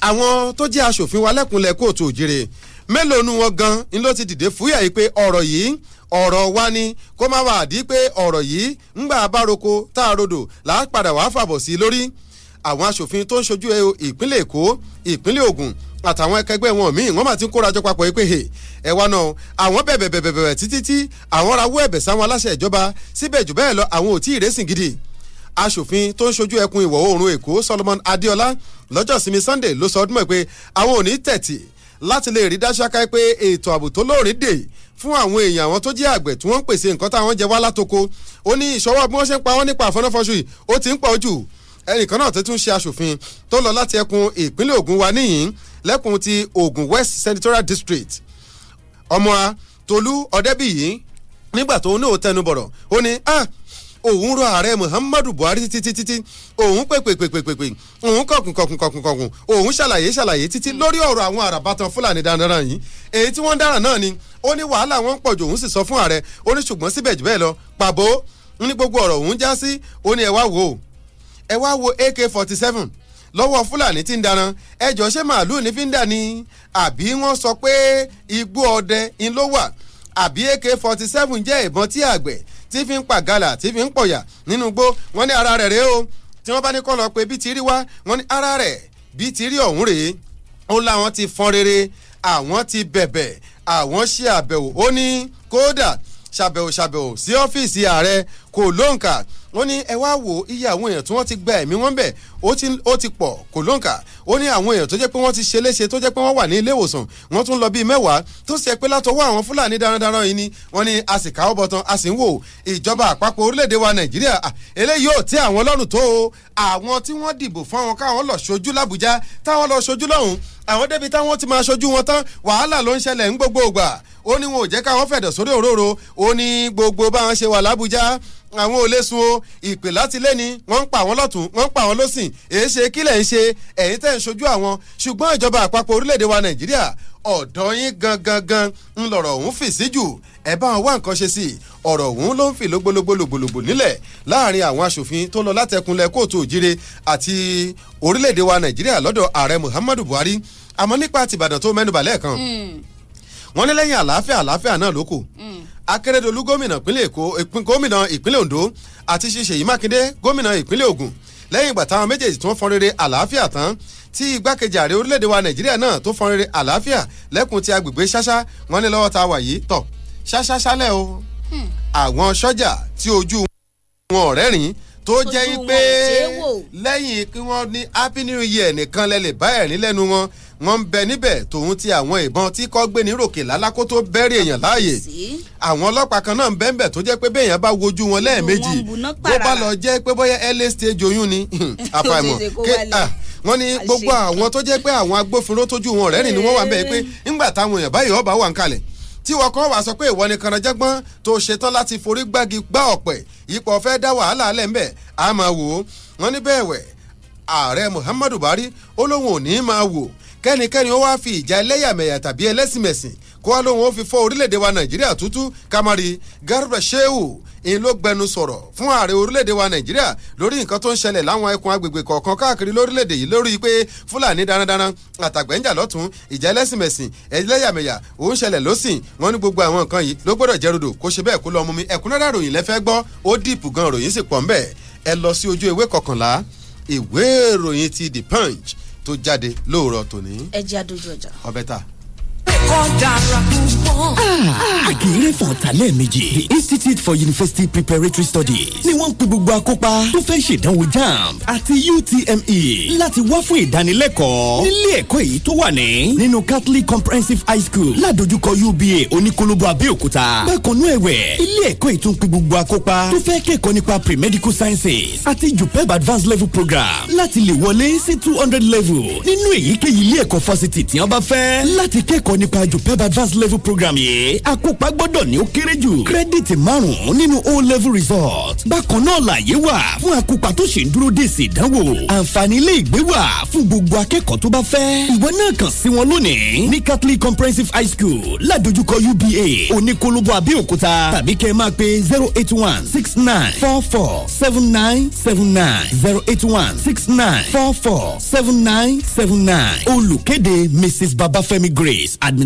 Speaker 3: àwọn tó jẹ́ aṣòfin wa lẹ́kùnlẹ̀ kóòtù òjèrè mélòó nu wọn gan ni ló ti dìde fúyà yìí pé ọ̀rọ̀ yìí ọ̀rọ̀ wa ni kó má wàá di pé ọ̀rọ̀ yìí ńgbà abároko tá a rodò là á padà wàá fàbọ̀ sí i lórí àwọn aṣòfin tó ń ṣojú ìpínlẹ̀ èkó ìpínlẹ̀ ògùn àtàwọn ẹkẹgbẹ́ wọn míì wọ́n máa ti ń kórajọ papọ̀ yìí pé ẹ wá náà àwọn bẹ̀bẹ̀ bẹ̀bẹ̀ títí tí àwọn rawọ́ ẹ̀bẹ̀ sáwọn aláṣẹ ìjọba síbẹ̀ jù bẹ́ẹ̀ lọ àwọn ò tí ì rẹ́sìn gidi aṣòfin tó ń ṣojú ẹkùn ìwọ̀ oòrùn èkó solomon adéọlá lọ́jọ́ sunday ló sọ ọdún mọ̀ pé àwọn ò ní tẹ̀tì láti lè rí dáṣáká pé ètò ààbò tó lóòrín dè fún àwọn èèyàn àwọn tó jẹ́ àgbẹ̀ tí wọ́n ń pèsè nǹkan táwọn jẹ wá látoko ó ní ìṣọwọ́ bí wọ́n ṣe ń pa wọ́n nípa àfọ́náfọ́sù yìí ó ti ń pọ̀ jù ẹnìkan náà tó tún ṣe aṣòfin tó lọ láti ẹkùn ìpínlẹ̀ Ògùn wa níyìn lẹ́kùn ti Ògùn West Senatorial District ọmọ a Tolú Ọ̀dẹ́bíyì nígbà tó ní òótẹ́nu bọ̀rọ̀ ó ní ah òun rọ ààrẹ muhammadu buhari títí títí òun pèpèpèpèpè òun kọkùnkọkùnkọkùn òun ṣàlàyé ṣàlàyé títí lórí ọ̀rọ̀ àwọn àràbàtàn fúlàní dandanran yìí èyí tí wọ́n dára náà ni ó ní wàhálà wọn pọ̀jù òun sì sọ fún ààrẹ ó ní ṣùgbọ́n síbẹ̀ jù bẹ́ẹ̀ lọ pàbó ní gbogbo ọ̀rọ̀ òun já sí ó ní ẹ wá wò ẹ wá wo ak forty seven lọ́wọ́ fúlàní tí ń daran ẹjọ́ ṣé màálùú ní fi ń dà ní àbí wọ́n sọ pé igbó ọdẹ ń ló wà àbí ak forty seven jẹ́ ìbọn tí àgbẹ̀ tí fi ń pàgàlà tí fi ń pọ̀yà nínú igbó wọ́n ní ara rẹ̀ rèé o tí wọ́n bá ní kọ́ lọ pé bí ti rí wá wọ́n ní ara rẹ̀ bí ti rí ọ̀hún rèé ó láwọn ti fọn rere àwọn ti bẹ̀bẹ̀ àwọn ṣe àbẹ̀wò ó ní kódà ṣàbẹ̀wò ṣàbẹ̀wò sí ọ́fíìsì ààrẹ kò lóǹkà wọ́n ní ẹ wá wò iye àwọn èèyàn tí wọ́n ti gba ẹ̀mí wọn bẹ̀ ó ti pọ̀ kò lóǹkà ó ní àwọn èèyàn tó jẹ́ pé wọ́n ti ṣe léṣe tó jẹ́ pé wọ́n wà ní ilé ìwòsàn wọ́n tún lọ bíi mẹ́wàá tó ṣe pé látọwọ́ àwọn fúlàní darandaran yìí ni wọ́n ní a sì káwọ́ bọ̀tán a sì ń wò ìjọba àpapọ̀ orílẹ̀-èdè wa nàìjíríà eléyìí ò tí àwọn lọ́rùn tó o àwọn tí wọ́n dìbò fún àwọn káwọn lọ ṣojú làbújá àwọn débi táwọn ti máa ṣojú wọn tán wàhálà ló ń ṣẹlẹ̀ ń gbogbo ògbà ó ní wọn ò jẹ́ káwọn fẹ̀dọ̀ sórí òróró ó ní gbogbo báwọn ṣe wà lábújá àwọn ò lè sun o ìpè láti lẹ́ni wọ́n ń pa àwọn lọ́tún wọ́n ń pa àwọn lọ́sìn èyí ṣe kílẹ̀ ń ṣe ẹ̀yin tẹ́ ń ṣojú àwọn ṣùgbọ́n ìjọba àpapọ̀ orílẹ̀-èdè wa nàìjíríà ọ̀dọ́ yín gangan ń lọ̀rọ̀ òun fì sí jù ẹ bá wọn wá nǹkan ṣe sí i ọ̀rọ̀ òun ló ń fì lógbólógbólógbòlògbò nílẹ̀ láàrin àwọn aṣòfin tó lọ látẹkùnlẹ̀ kóòtù òjire àti orílẹ̀-èdè wa nàìjíríà lọ́dọ̀ ààrẹ muhammadu buhari àmọ́ nípa tìbàdàn tó mẹ́nubà lẹ́ẹ̀kan hmm. wọ́n ní lẹ́yìn àlàáfíà àlàáfíà náà lóko akérèdọ́lù gómìnà ìpínlẹ̀ èkó gómìnà ìpínlẹ̀ ondo àti ṣèyí mákindé gómìnà ìpínlẹ̀ ògùn lẹ́yìn ìgbà táwọn méjèèjì tí wọ́n fọn rere àlàáfíà tán tí igbákejì ààrẹ orílẹ̀-èdè wa nàìjíríà náà tó fọn rere àlàáfíà lẹ́kùn ti agbègbè ṣáṣá wọn ní lọ́wọ́ ta wà yìí tọ̀ ṣáṣá ṣálẹ̀ o hmm. àwọn sọ́jà tí ojú wọn ọ̀rẹ́rìn tó jẹ́ pé lẹ́yìn kí wọ́n ní happy new year nìkan lẹ́lẹ̀ bá ẹ̀rín lẹ́nu wọn wọ́n ń bẹ níbẹ̀ tòun ti àwọn ìbọn tí kò gbé ní ròkè lálákó tó bẹ́rẹ̀ èèyàn láàyè àwọn ọlọ́pàá kan náà ń bẹ́ ń bẹ̀ tó jẹ́ pé béèyàn bá wojú wọn lẹ́ẹ̀mejì bó bá lọ jẹ́ pé bóyá early stage oyún ni àfàìmọ̀ wọ́n ní gbogbo àwọn tó jẹ́ pé àwọn agbófinró tójú wọn rẹ́rìn ni wọ́n wà ń bẹ̀ pé ńgbà táwọn èèyàn báyìí ọba tí wọn kàn wá sọ pé ìwọ ni kànájẹ́gbọ́n tó ṣetán láti forí gbági gbá ọ̀pẹ̀ ipò ọ̀fẹ́ dá wàhálà lẹ́ńbẹ̀ àmọ́ wò wọn ní bẹ́ẹ̀ wẹ̀ ààrẹ Muhammadu Buhari ó lóun ò ní máa wò kẹ́nikẹ́ni ó wáá fi ìjà ẹlẹ́yàmẹ̀yà tàbí ẹlẹ́sìnmẹ̀sìn kó wá lóun ó fi fọ́ orílẹ̀-èdè wa nàìjíríà tútú kamari garba shehu in ló gbẹnu sọ̀rọ̀ fún ààrẹ orílẹ̀-èdè wa nàìjíríà lórí nǹkan tó ń ṣẹlẹ̀ láwọn ẹkùn agbègbè kọ̀ọ̀kan káàkiri lórílẹ̀-èdè yìí lórí pé fúlàní darandaran àtàgbẹ́njà lọ́tún ìjà ẹlẹ́sìnmẹ̀sìn ẹlẹ́yàmẹ̀yà òun ṣẹlẹ̀ lọ́sìn wọn ní gbogbo àwọn nǹkan yìí ló gbọ́dọ̀ jẹ́ rodò kó ṣe bẹ́ẹ̀ kó lọ mú mi ẹ̀kúnrẹ́rẹ́ ròyìn lẹ́fẹ́ gbọ́ ó dìpù gan ròyìn sì pọ̀ ńbẹ̀ ẹ lọ sí ojú ewé kọkànlá ìwé ìròyìn ti the punch tó jáde lóòrọ̀ tòní.
Speaker 2: ẹ jẹ́ àdójú Ah,
Speaker 8: àkèrè fọ̀ǹtà lẹ́ẹ̀mejì the institute for university preparatory studies ni wọ́n ń pe gbogbo akópa tó fẹ́ ṣèdánwò jamb àti utme láti wá fún ìdánilẹ́kọ̀ọ́ nílé ẹ̀kọ́ èyí tó wà ní nínú catholic comprehensive high school ládojúkọ uba oníkólóbó abẹ́òkúta bákanú ẹ̀wẹ̀ ilé ẹ̀kọ́ èyí tó ń pe gbogbo akópa tó fẹ́ kẹ́kọ̀ọ́ nípa pre-medical sciences àti jupeb advanced level program láti lè wọlé sí two hundred level nínú èyíkéyìí ilé ẹ̀kọ́ fásitì tí wọ́n bá fẹ́ láti kẹ́kọ̀ọ́ nípa jupeb advanced level program yìí akópa gbọ́dọ̀ ní ó kéré jù kírẹ́dìtì márùn nínú o level result bákan náà làyè wà fún akópa tó ṣì ń dúró dé èsì ìdánwò àǹfààní ilé ìgbé wà fún gbogbo akẹ́kọ̀ọ́ tó bá fẹ́ ìwọ náà kàn sí wọn lónìí ní catholic comprehensive high school ládojúkọ uba oníkólóbó abẹ́òkúta tàbí kẹ́ ẹ máa pe zero eight one six nine four four seven nine seven nine zero eight one six nine four four seven nine seven nine olùkéde mrs babafẹ́mi grace admin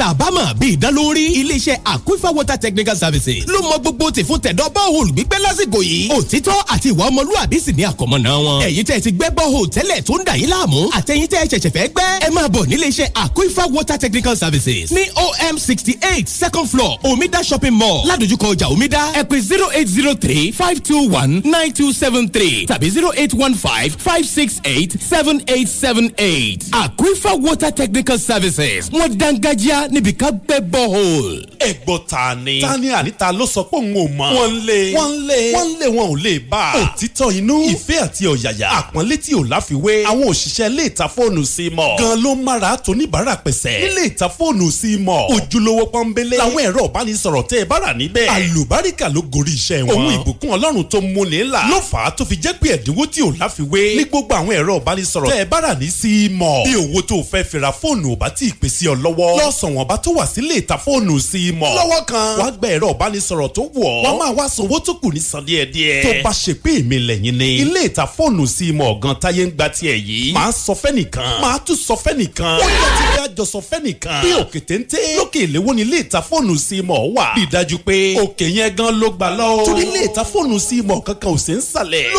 Speaker 5: tàbámọ̀ bí ìdánlórí iléeṣẹ́ aquifer water technical services ló mọ gbogbo tì fún tẹ̀dọ́ bọ́ọ̀hùn gbígbẹ́ lásìkò yìí òtítọ́ àti ìwà ọmọlúwàbí sì ní àkọ́mọ́ná wọn. ẹ̀yin tẹ́ ẹ ti gbẹ́ bọ́ọ̀hùn tẹ́lẹ̀ tó ń dà yín láàmú àtẹ̀yin tẹ́ ẹ ṣẹ̀ṣẹ̀ fẹ́ gbẹ́ ẹ máa bọ̀ níléeṣẹ́ aquifer water technical services ní om sixty eight second floor omida shopping mall ládojúkọ ọjà omida ẹ pè zero eight zero three five two one nine two seven three tàbí zero eight one five five six eight seven eight seven eight aquifer water technical services wọ́n dángájá níbi ká gbẹ́ borehole. ẹ gbọ́
Speaker 9: ta ni. ta ni àníta ló sọ pé òun ò mọ̀. wọ́n ń lé wọ́n ń lé wọ́n ń lé wọn ò lè bá a. òtítọ́ inú. ìfẹ́ àti ọ̀yàyà. àpọ́nlé tí ò láfiwé. àwọn òṣìṣẹ́ ilé ìta fóònù sí mọ̀. gan ló mara tó níbàárà pẹ̀sẹ̀. nílé ìta fóònù sí mọ̀. ojúlówó pọ́nbélé. làwọn ẹ̀rọ ìbánisọ̀rọ̀ tẹ́ ẹ bára níbẹ̀. àlùbáríkà ló gorí iṣẹ́ wọn. òun ìbùkún ọlọ́run tó múni ńlá. ló fà á tó fi jẹ́ pé ẹ̀dínwó tí ò láfiwé. ní gbogbo àwọn ẹ̀rọ ìbánisọ̀rọ̀ tẹ́ ẹ bára ní sí mọ̀. bí owó tó fẹ́ fira fóònù ò bá tí ì pèsè ọ lọ́wọ́. lọ́sàn ìwọ̀nba tó wà sílé ìta fóònù sí i mọ̀. lọ́wọ́ kan. wàá gba ẹ̀rọ ìbánisọ̀rọ̀ tó wọ̀ ọ́. wọ́n máa wá sanwó tó kù ní san díẹ̀díẹ̀. tó bá ṣe pé èmi lẹ́yìn ni. ilé ìta fóònù sí i mọ̀ gan táyé ń gba tiẹ̀ yìí. màá sọ fẹ́nìkan. màá tún sọ fẹ́nìkan. ó yẹ ti dá jọ sọ fẹ́nìkan. bí òkè téńté. lókè ìléwó ni ilé ìta fóònù sí i mọ̀ wà. bí dájú pé òkè yẹn gan ló gbà lọ. torí ilé ìta fóònù sí i mọ̀ kankan ò sí ń sàlẹ̀.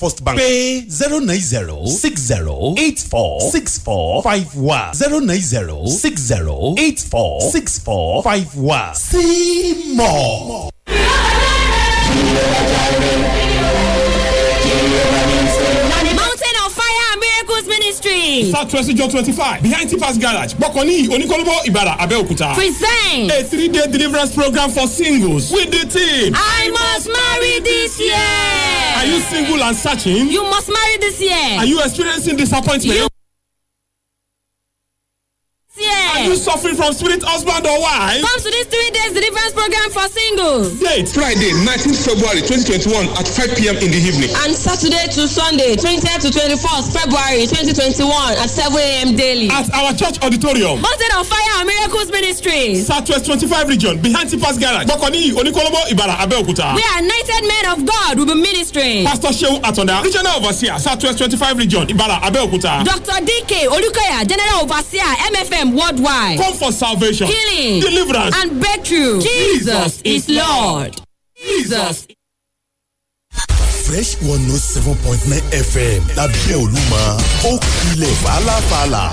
Speaker 9: first bank. pé zero nine zero six zero eight four six four five wa zero nine zero six zero eight four six four five wa see more.
Speaker 6: Mountain of Fire Miracles Ministry. Southwest John twenty-five behind Tipas Garage, Bokoni, Onikolobo, Ibara, Abeokuta. Present a three-day deliverance program for singles with the team. I must marry this year. Are you single and searching? You must marry this year. Are you experiencing disappointment? You Are you suffering from spirit husband or wife? Come
Speaker 2: to this three days deliverance program for singles.
Speaker 6: Date Friday, 19th February 2021 at 5 p.m. in the evening.
Speaker 2: And Saturday to Sunday, 20th to 21st February 2021 at 7 a.m. daily. At our church auditorium. Mountain of Fire and Miracles
Speaker 6: Ministry. Southwest 25 region behind Tipas Garage. Bokoni, Onikolobo, Ibara, Abeokuta. We are anointed men of God We will be ministering. Pastor Shehu Atonda, Regional Overseer, Southwest 25 region, Ibara, Abeokuta. Dr. DK Olukoya, General Overseer, MFM Worldwide. life, come for salvation, healing, deliverance, and breakthrough. Jesus, Jesus is Lord. Jesus.
Speaker 3: Fresh 107.9 FM lábẹ́ Olúmọ ó kilẹ̀ fàlàfàlà.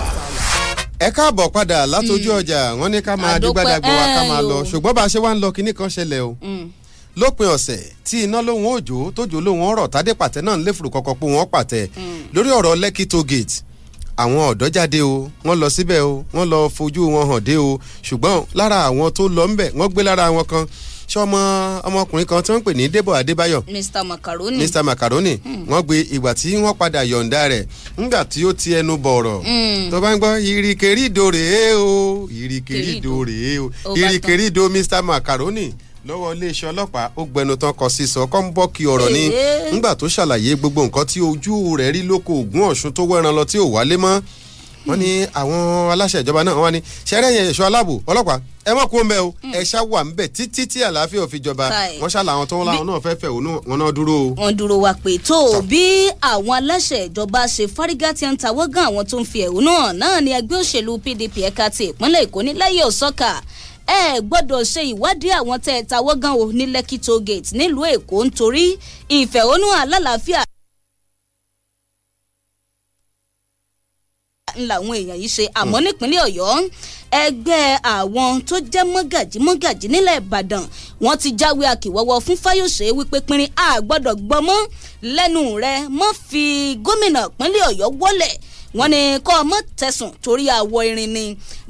Speaker 3: ẹ káàbọ̀ padà látọjú hmm. ọjà wọn ní ká máa dúgbàdàgbò wa ká máa lọ ṣùgbọ́n bá a ṣe wá ń lọ kinní kan ṣẹlẹ̀ o hmm. lópin ọ̀sẹ̀ tí iná lóhun òjò tójò lóhun ọ̀rọ̀ tádé pàtẹ náà ń léfùrù kọ̀kọ̀ pé wọ́n pàtẹ hmm. lórí ọ̀rọ̀ Lekki toll àwọn ọ̀dọ́ jáde o wọ́n lọ síbẹ̀ o wọ́n lọ fojú wọn hàn dé o ṣùgbọ́n lára àwọn tó lọ ńbẹ̀ wọ́n gbé lára wọn kan sọmọ ọmọkùnrin kan tí wọ́n pè ní Débọ̀ Adébáyọ̀
Speaker 2: Mr Macaroni Mr Macaroni hmm.
Speaker 3: wọ́n gbé ìgbà tí wọ́n padà yọ̀ǹda rẹ̀ ńgbà tí ó ti ẹnu bọ̀rọ̀ hmm. tó bá ń gbọ́ ìrìkèrídò rèé o ìrìkèrídò rèé o ìrìkèrídò Mr Macaroni lọ́wọ́ iléeṣẹ́ ọlọ́pàá ó gbẹnu tán kọ sísọ kọ́ńbọ́ọ̀kì ọ̀rọ̀ ni ńgbà tó ṣàlàyé gbogbo nǹkan tí ojú rẹ̀ rí lóko ògùn ọ̀ṣun tó wẹ́ran lọ tí ò wálé mọ́ wọ́n ní àwọn aláṣẹ ìjọba náà wọ́n ní ṣẹ́rẹ́ yẹn ẹ̀ṣọ́ aláàbò ọlọ́pàá ẹ mọ̀ kó mbẹ́ o hmm. ẹ ṣá wà mbẹ́ títí tí àlàáfíà ò fi jọba wọ́n ṣàlà àwọn tó ń láwọn náà fẹ́ẹ́ fẹ́ òun náà dúró o.
Speaker 2: wọ́n dúró wa pé tó o bí àwọn aláṣẹ ìjọba ṣe fárígá ti ń tawọ́ àwọn tó ń fi ẹ̀hónú hàn náà ni ẹgbẹ́ òṣèlú PDP ẹ̀ka ti ìpínlẹ̀ Èkó ní láyé òsọ́kà ẹ gbọ́dọ̀ ṣe ìwádìí àwọn tẹ́ ẹ tawọ́ gan o ní Lekki toll gate nílùú Èkó nítorí ìfẹ̀hónúhàn alálàáfíà làwọn èèyàn yìí ṣe àmọ́ hmm. nípínlẹ̀ Ọ̀yọ́ ẹgbẹ́ àwọn tó jẹ́ mọ́gàjí mọ́gàjí nílẹ̀ Ìbàdàn wọ́n ti jáwé akíwọ́wọ́ fún Fáyọ̀ṣe wípé pinrin a gbọ́dọ̀ lẹ́nu rẹ̀ mọ́ fi gómìnà ìpínlẹ̀ Ọ̀yọ́ wọlẹ̀ wọ́n ní kọ́ ọmọ tẹ̀sùn torí àwọ̀ irin ni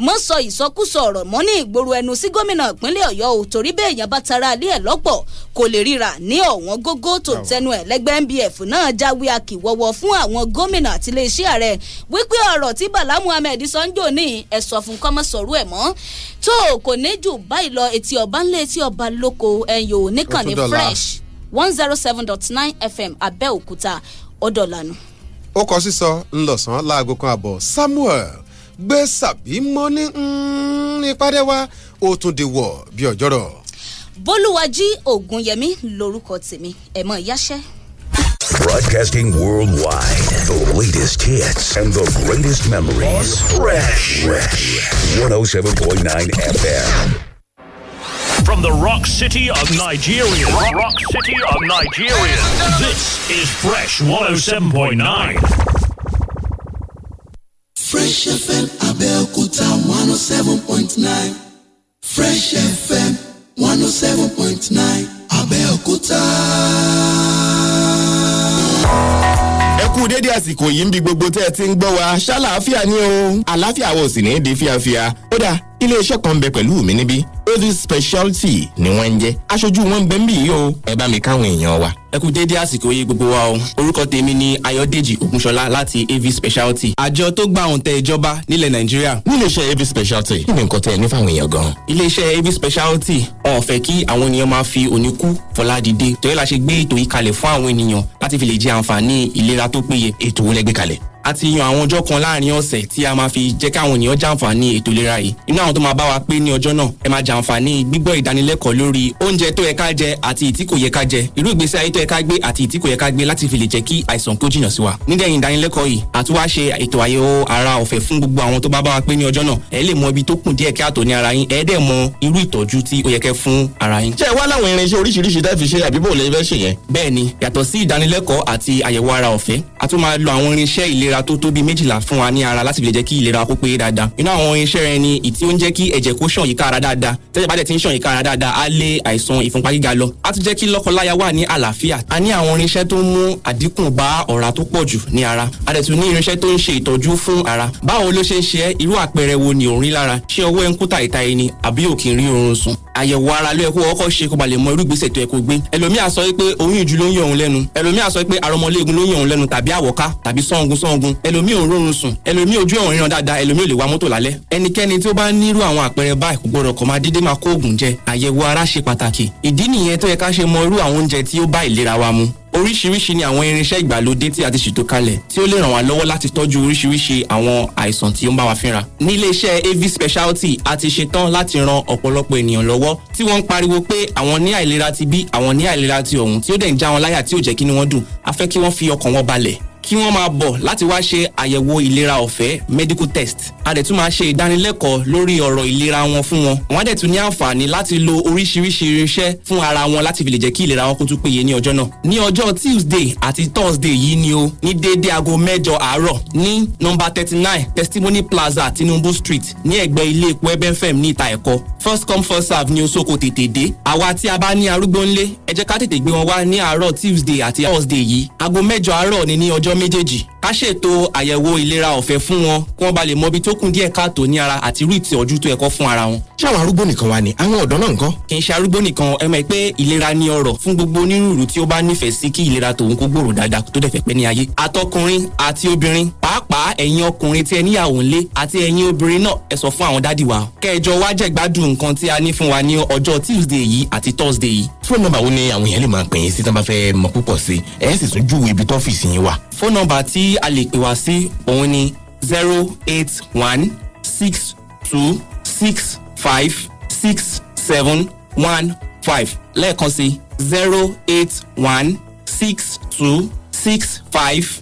Speaker 2: mọ́ sọ ìsọkúsọ ọ̀rọ̀ mọ́ ní ìgboro ẹnu sí gómìnà ìpínlẹ̀ ọ̀yọ́ o torí bẹ́ẹ̀ èèyàn bá tara alẹ́ ẹ̀ lọ́pọ̀ kò lè ríra ní ọ̀wọ́n gógó tó tẹnu ẹ̀ lẹ́gbẹ́ nbf náà jáwé akíwọ́wọ́ fún àwọn gómìnà àti iléeṣẹ́ ààrẹ wípé ọ̀rọ̀ tí bala muhammed sanjo ní ẹ̀sọ̀ fún kọ́mọ́ sọ̀rọ̀ ẹ̀ mọ́ tó kò ní jù báyìí lọ etí ọba one zero seven dot nine fm abẹ́òkúta ọ̀dọ̀lànà
Speaker 3: ó kọ sísọ ńlọsàn láago kan àbọ̀ samuel gbé sàbí mọ́ ní ìpàdé wa ó tún di wọ̀ bí ọ̀jọ́rọ̀.
Speaker 2: bólúwàjí ògùnyẹmí lorúkọ tèmi ẹ̀mọ́ ìyáṣẹ́.
Speaker 3: Broadcasting worldwide, the latest
Speaker 1: hits and the greatest memories. Fresh, Fresh. 107.9
Speaker 8: FM from the rock city of Nigeria. Rock, city of Nigeria. This is Fresh 107.9.
Speaker 7: Fresh FM Abel Kuta 107.9. Fresh FM 107.9 Abel Kuta.
Speaker 10: kú dédé àsìkò yìí ń bi gbogbo tẹ́ ẹ ti ń gbọ́ wa ṣáláàfíà ni o àlàáfíà wo sì ní í di fíafíà ó iléeṣẹ́ kan bẹ pẹ̀lú mi níbí ovi speciality ni wọ́n ń jẹ́ aṣojú wọn ń bẹ ń bì yìí o ẹ bá mi káwọn èèyàn wa. ẹ kú déédéé àsìkò yìí gbogbo wa o orúkọ tèmi ni ayọ̀dèjì ògúnṣọlá láti av speciality àjọ tó gba òǹtẹ̀ ìjọba nílẹ̀ nàìjíríà. ní iléeṣẹ́ av speciality kí ni nǹkan tẹ ẹ ní fáwọn èèyàn gan. iléeṣẹ́ av speciality wọn ò fẹ́ kí àwọn ènìyàn máa fi òní kú fọlá dìde torí la ṣe gbé ètò yìí kalẹ̀ fún àwọn ènìyàn láti fi lè jẹ a ti yan àwọn ọjọ́ kan láàrin ọ̀sẹ̀ tí a máa fi jẹ́ káwọn ènìyàn jàǹfààní ètò ìlera yìí inú àwọn tó máa bá wa pé ní ọjọ́ náà ẹ máa jàǹfààní gbígbọ́ ìdánilẹ́kọ̀ọ́ lórí oúnjẹ tó yẹ ká jẹ àti ìtí kò yẹ ká jẹ irú ìgbésí ayé tó yẹ ká gbé àti ìtí kò yẹ ká gbé láti fi lè jẹ́ kí àìsàn kó jìnnà sí wa nídẹ̀yìn ìdánilẹ́kọ̀ọ́ yìí a tún wá ṣe ètò àyẹ̀wò ara ọ̀fẹ́ fún gbogbo àwọn tó bá bá wa pé ní ọjọ́ ìlera tó tó bíi méjìlá fún wa ní ara láti fi lè jẹ́ kí ìlera kó pé dáadáa inú àwọn irinṣẹ́ rẹ ni ìtí ó ń jẹ́ kí ẹ̀jẹ̀ kó ṣàn yíká ara dáadáa tẹ́jẹ̀ bá dẹ̀ ti ń ṣàn yíká ara dáadáa á lé àìsàn ìfúnpá gíga lọ á tún jẹ́ kí lọ́kọláya wà ní àlàáfíà a ní àwọn irinṣẹ́ tó ń mú àdínkù bá ọ̀rá tó pọ̀ jù ní ara a dẹ̀ tún ní irinṣẹ́ tó ń ṣe ìtọ́jú fún ara báwo ló ṣe ń ṣe irú àpẹẹrẹ wo ni òun rí lára ṣé ọwọ́ ẹ ń kú tàìta ẹni àbí ò kì í rí oorun sùn àyẹ̀wò ara ló yẹ kó ọkọ̀ ṣe kó ba lè mọ irú ìgbésẹ̀ tó yẹ kó gbé ẹlòmíà sọ pé oyún ìjú ló ń yọ òun lẹ́nu ẹlòmíà sọ pé arọmọléegun ló ń yọ òun lẹ́nu tàbí àwọ̀ká tàbí sọ́ngun sọ́ngun ogun ẹlòmíì ò rórun sùn ẹlòmíì ojú ẹ̀wọ̀n ríran dáadáa ẹlòmíì ò lè wa mọ́tò lálẹ́ ẹnikẹ́ni tí ó bá nírú àwọn àpẹẹrẹ báyìí kò gbọdọ̀ kọ̀ máa dédé máa kó oògùn jẹ àyẹ̀wò ara ṣe pàtàkì ìdí nìyẹn tó yẹ ká ṣe mọ irú àwọn oúnjẹ tí ó bá ìlera wa mu oríṣiríṣi ni àwọn irinṣẹ́ ìgbàlódé tí a ti ṣètò kalẹ̀ tí ó lè ràn wá lọ́wọ́ láti tọ́jú oríṣiríṣi àwọn àìsàn tí ó ń bá wa fínra. ní iléeṣẹ́ av speciality a ti ṣetán láti ran ọ̀pọ̀lọpọ̀ ènìyàn lọ́wọ́ tí wọ́n ń pariwo pé àwọn ní àìlera ti bí àwọn ní àìlera ti ọ̀hún tí ó dẹ̀ ń já wọn láyà tí ò jẹ́ kí ni wọ́n dùn a fẹ́ kí wọ́n fi ọkàn wọn balẹ̀ kí wọ́n máa bọ̀ láti wá ṣe àyẹ̀wò ìlera ọ̀fẹ́ medical test a dẹ̀ tún máa ṣe ìdánilẹ́kọ̀ọ́ lórí ọ̀rọ̀ ìlera wọn fún wọn wọ́n á dẹ̀ tún ní àǹfààní láti lo oríṣiríṣi irinṣẹ́ fún ara wọn láti fi lè jẹ́ kí ìlera wọn kó tún péye ní ọjọ́ náà ní ọjọ́ Tuesday àti Thursday yìí ni o ní déédé aago mẹ́jọ àárọ̀ ní nọ́mbà thirty nine Testimony Plaza Tinubu Street ní ẹ̀gbẹ́ ilé epo ebenfem ní ìta ẹ̀kọ́ first come first serve ni o soko tètè dé àwa tí a bá ní arúgbó ńlé ẹ jẹ́ ká tètè gbé wọn wá ní àárọ̀ Tuesday àti Thursday yìí aago mẹ́jọ àárọ̀ ni ní ọjọ́ méjèèjì ká ṣètò àyẹ̀wò ìlera ọ̀fẹ́ fún wọn kí wọ́n bá lè mọ ibi tó kún díẹ̀ káàtó ní ara àti irú ìtìọ́jú tó yẹ kó fún ara wọn. ṣé àwọn arúgbó nìkan wà ní àwọn ọ̀dọ́ náà nǹkan. kì í ṣe arúgbó nìkan ẹ mọ̀ pé ìlera ni ọrọ̀ fún gbogbo onírúurú tí ó bá nífẹ̀ẹ́ sí kí ìlera tòun kó gbòòrò dáadáa tó dẹ̀ fẹ́ pẹ́ ní ayé. àtọkùnrin àti obìnrin pàápàá ẹ̀yin ọkùnrin tí ẹ níyàwó ńlé àti ẹ̀yin obìnrin náà ẹ sọ fún àwọn dádì wa. kẹjọ wá jẹ̀gbádùn nǹkan tí a ní fún wa ní ọjọ́ tuesday yìí àti thursday yìí. fóònù nọ́mbà wo ni àwọn èèyàn lè máa pè é
Speaker 5: sí tí wọn bá fẹ́ mọ̀ púpọ̀ sí ẹ sì tún júwèé ibi tọ́fíìsì yín wà.
Speaker 10: fóònù nọ́mbà tí tí a lè pè wá sí òun ni zero eight one six two six five six seven one five lẹ́ẹ̀kan sí zero eight one six two six five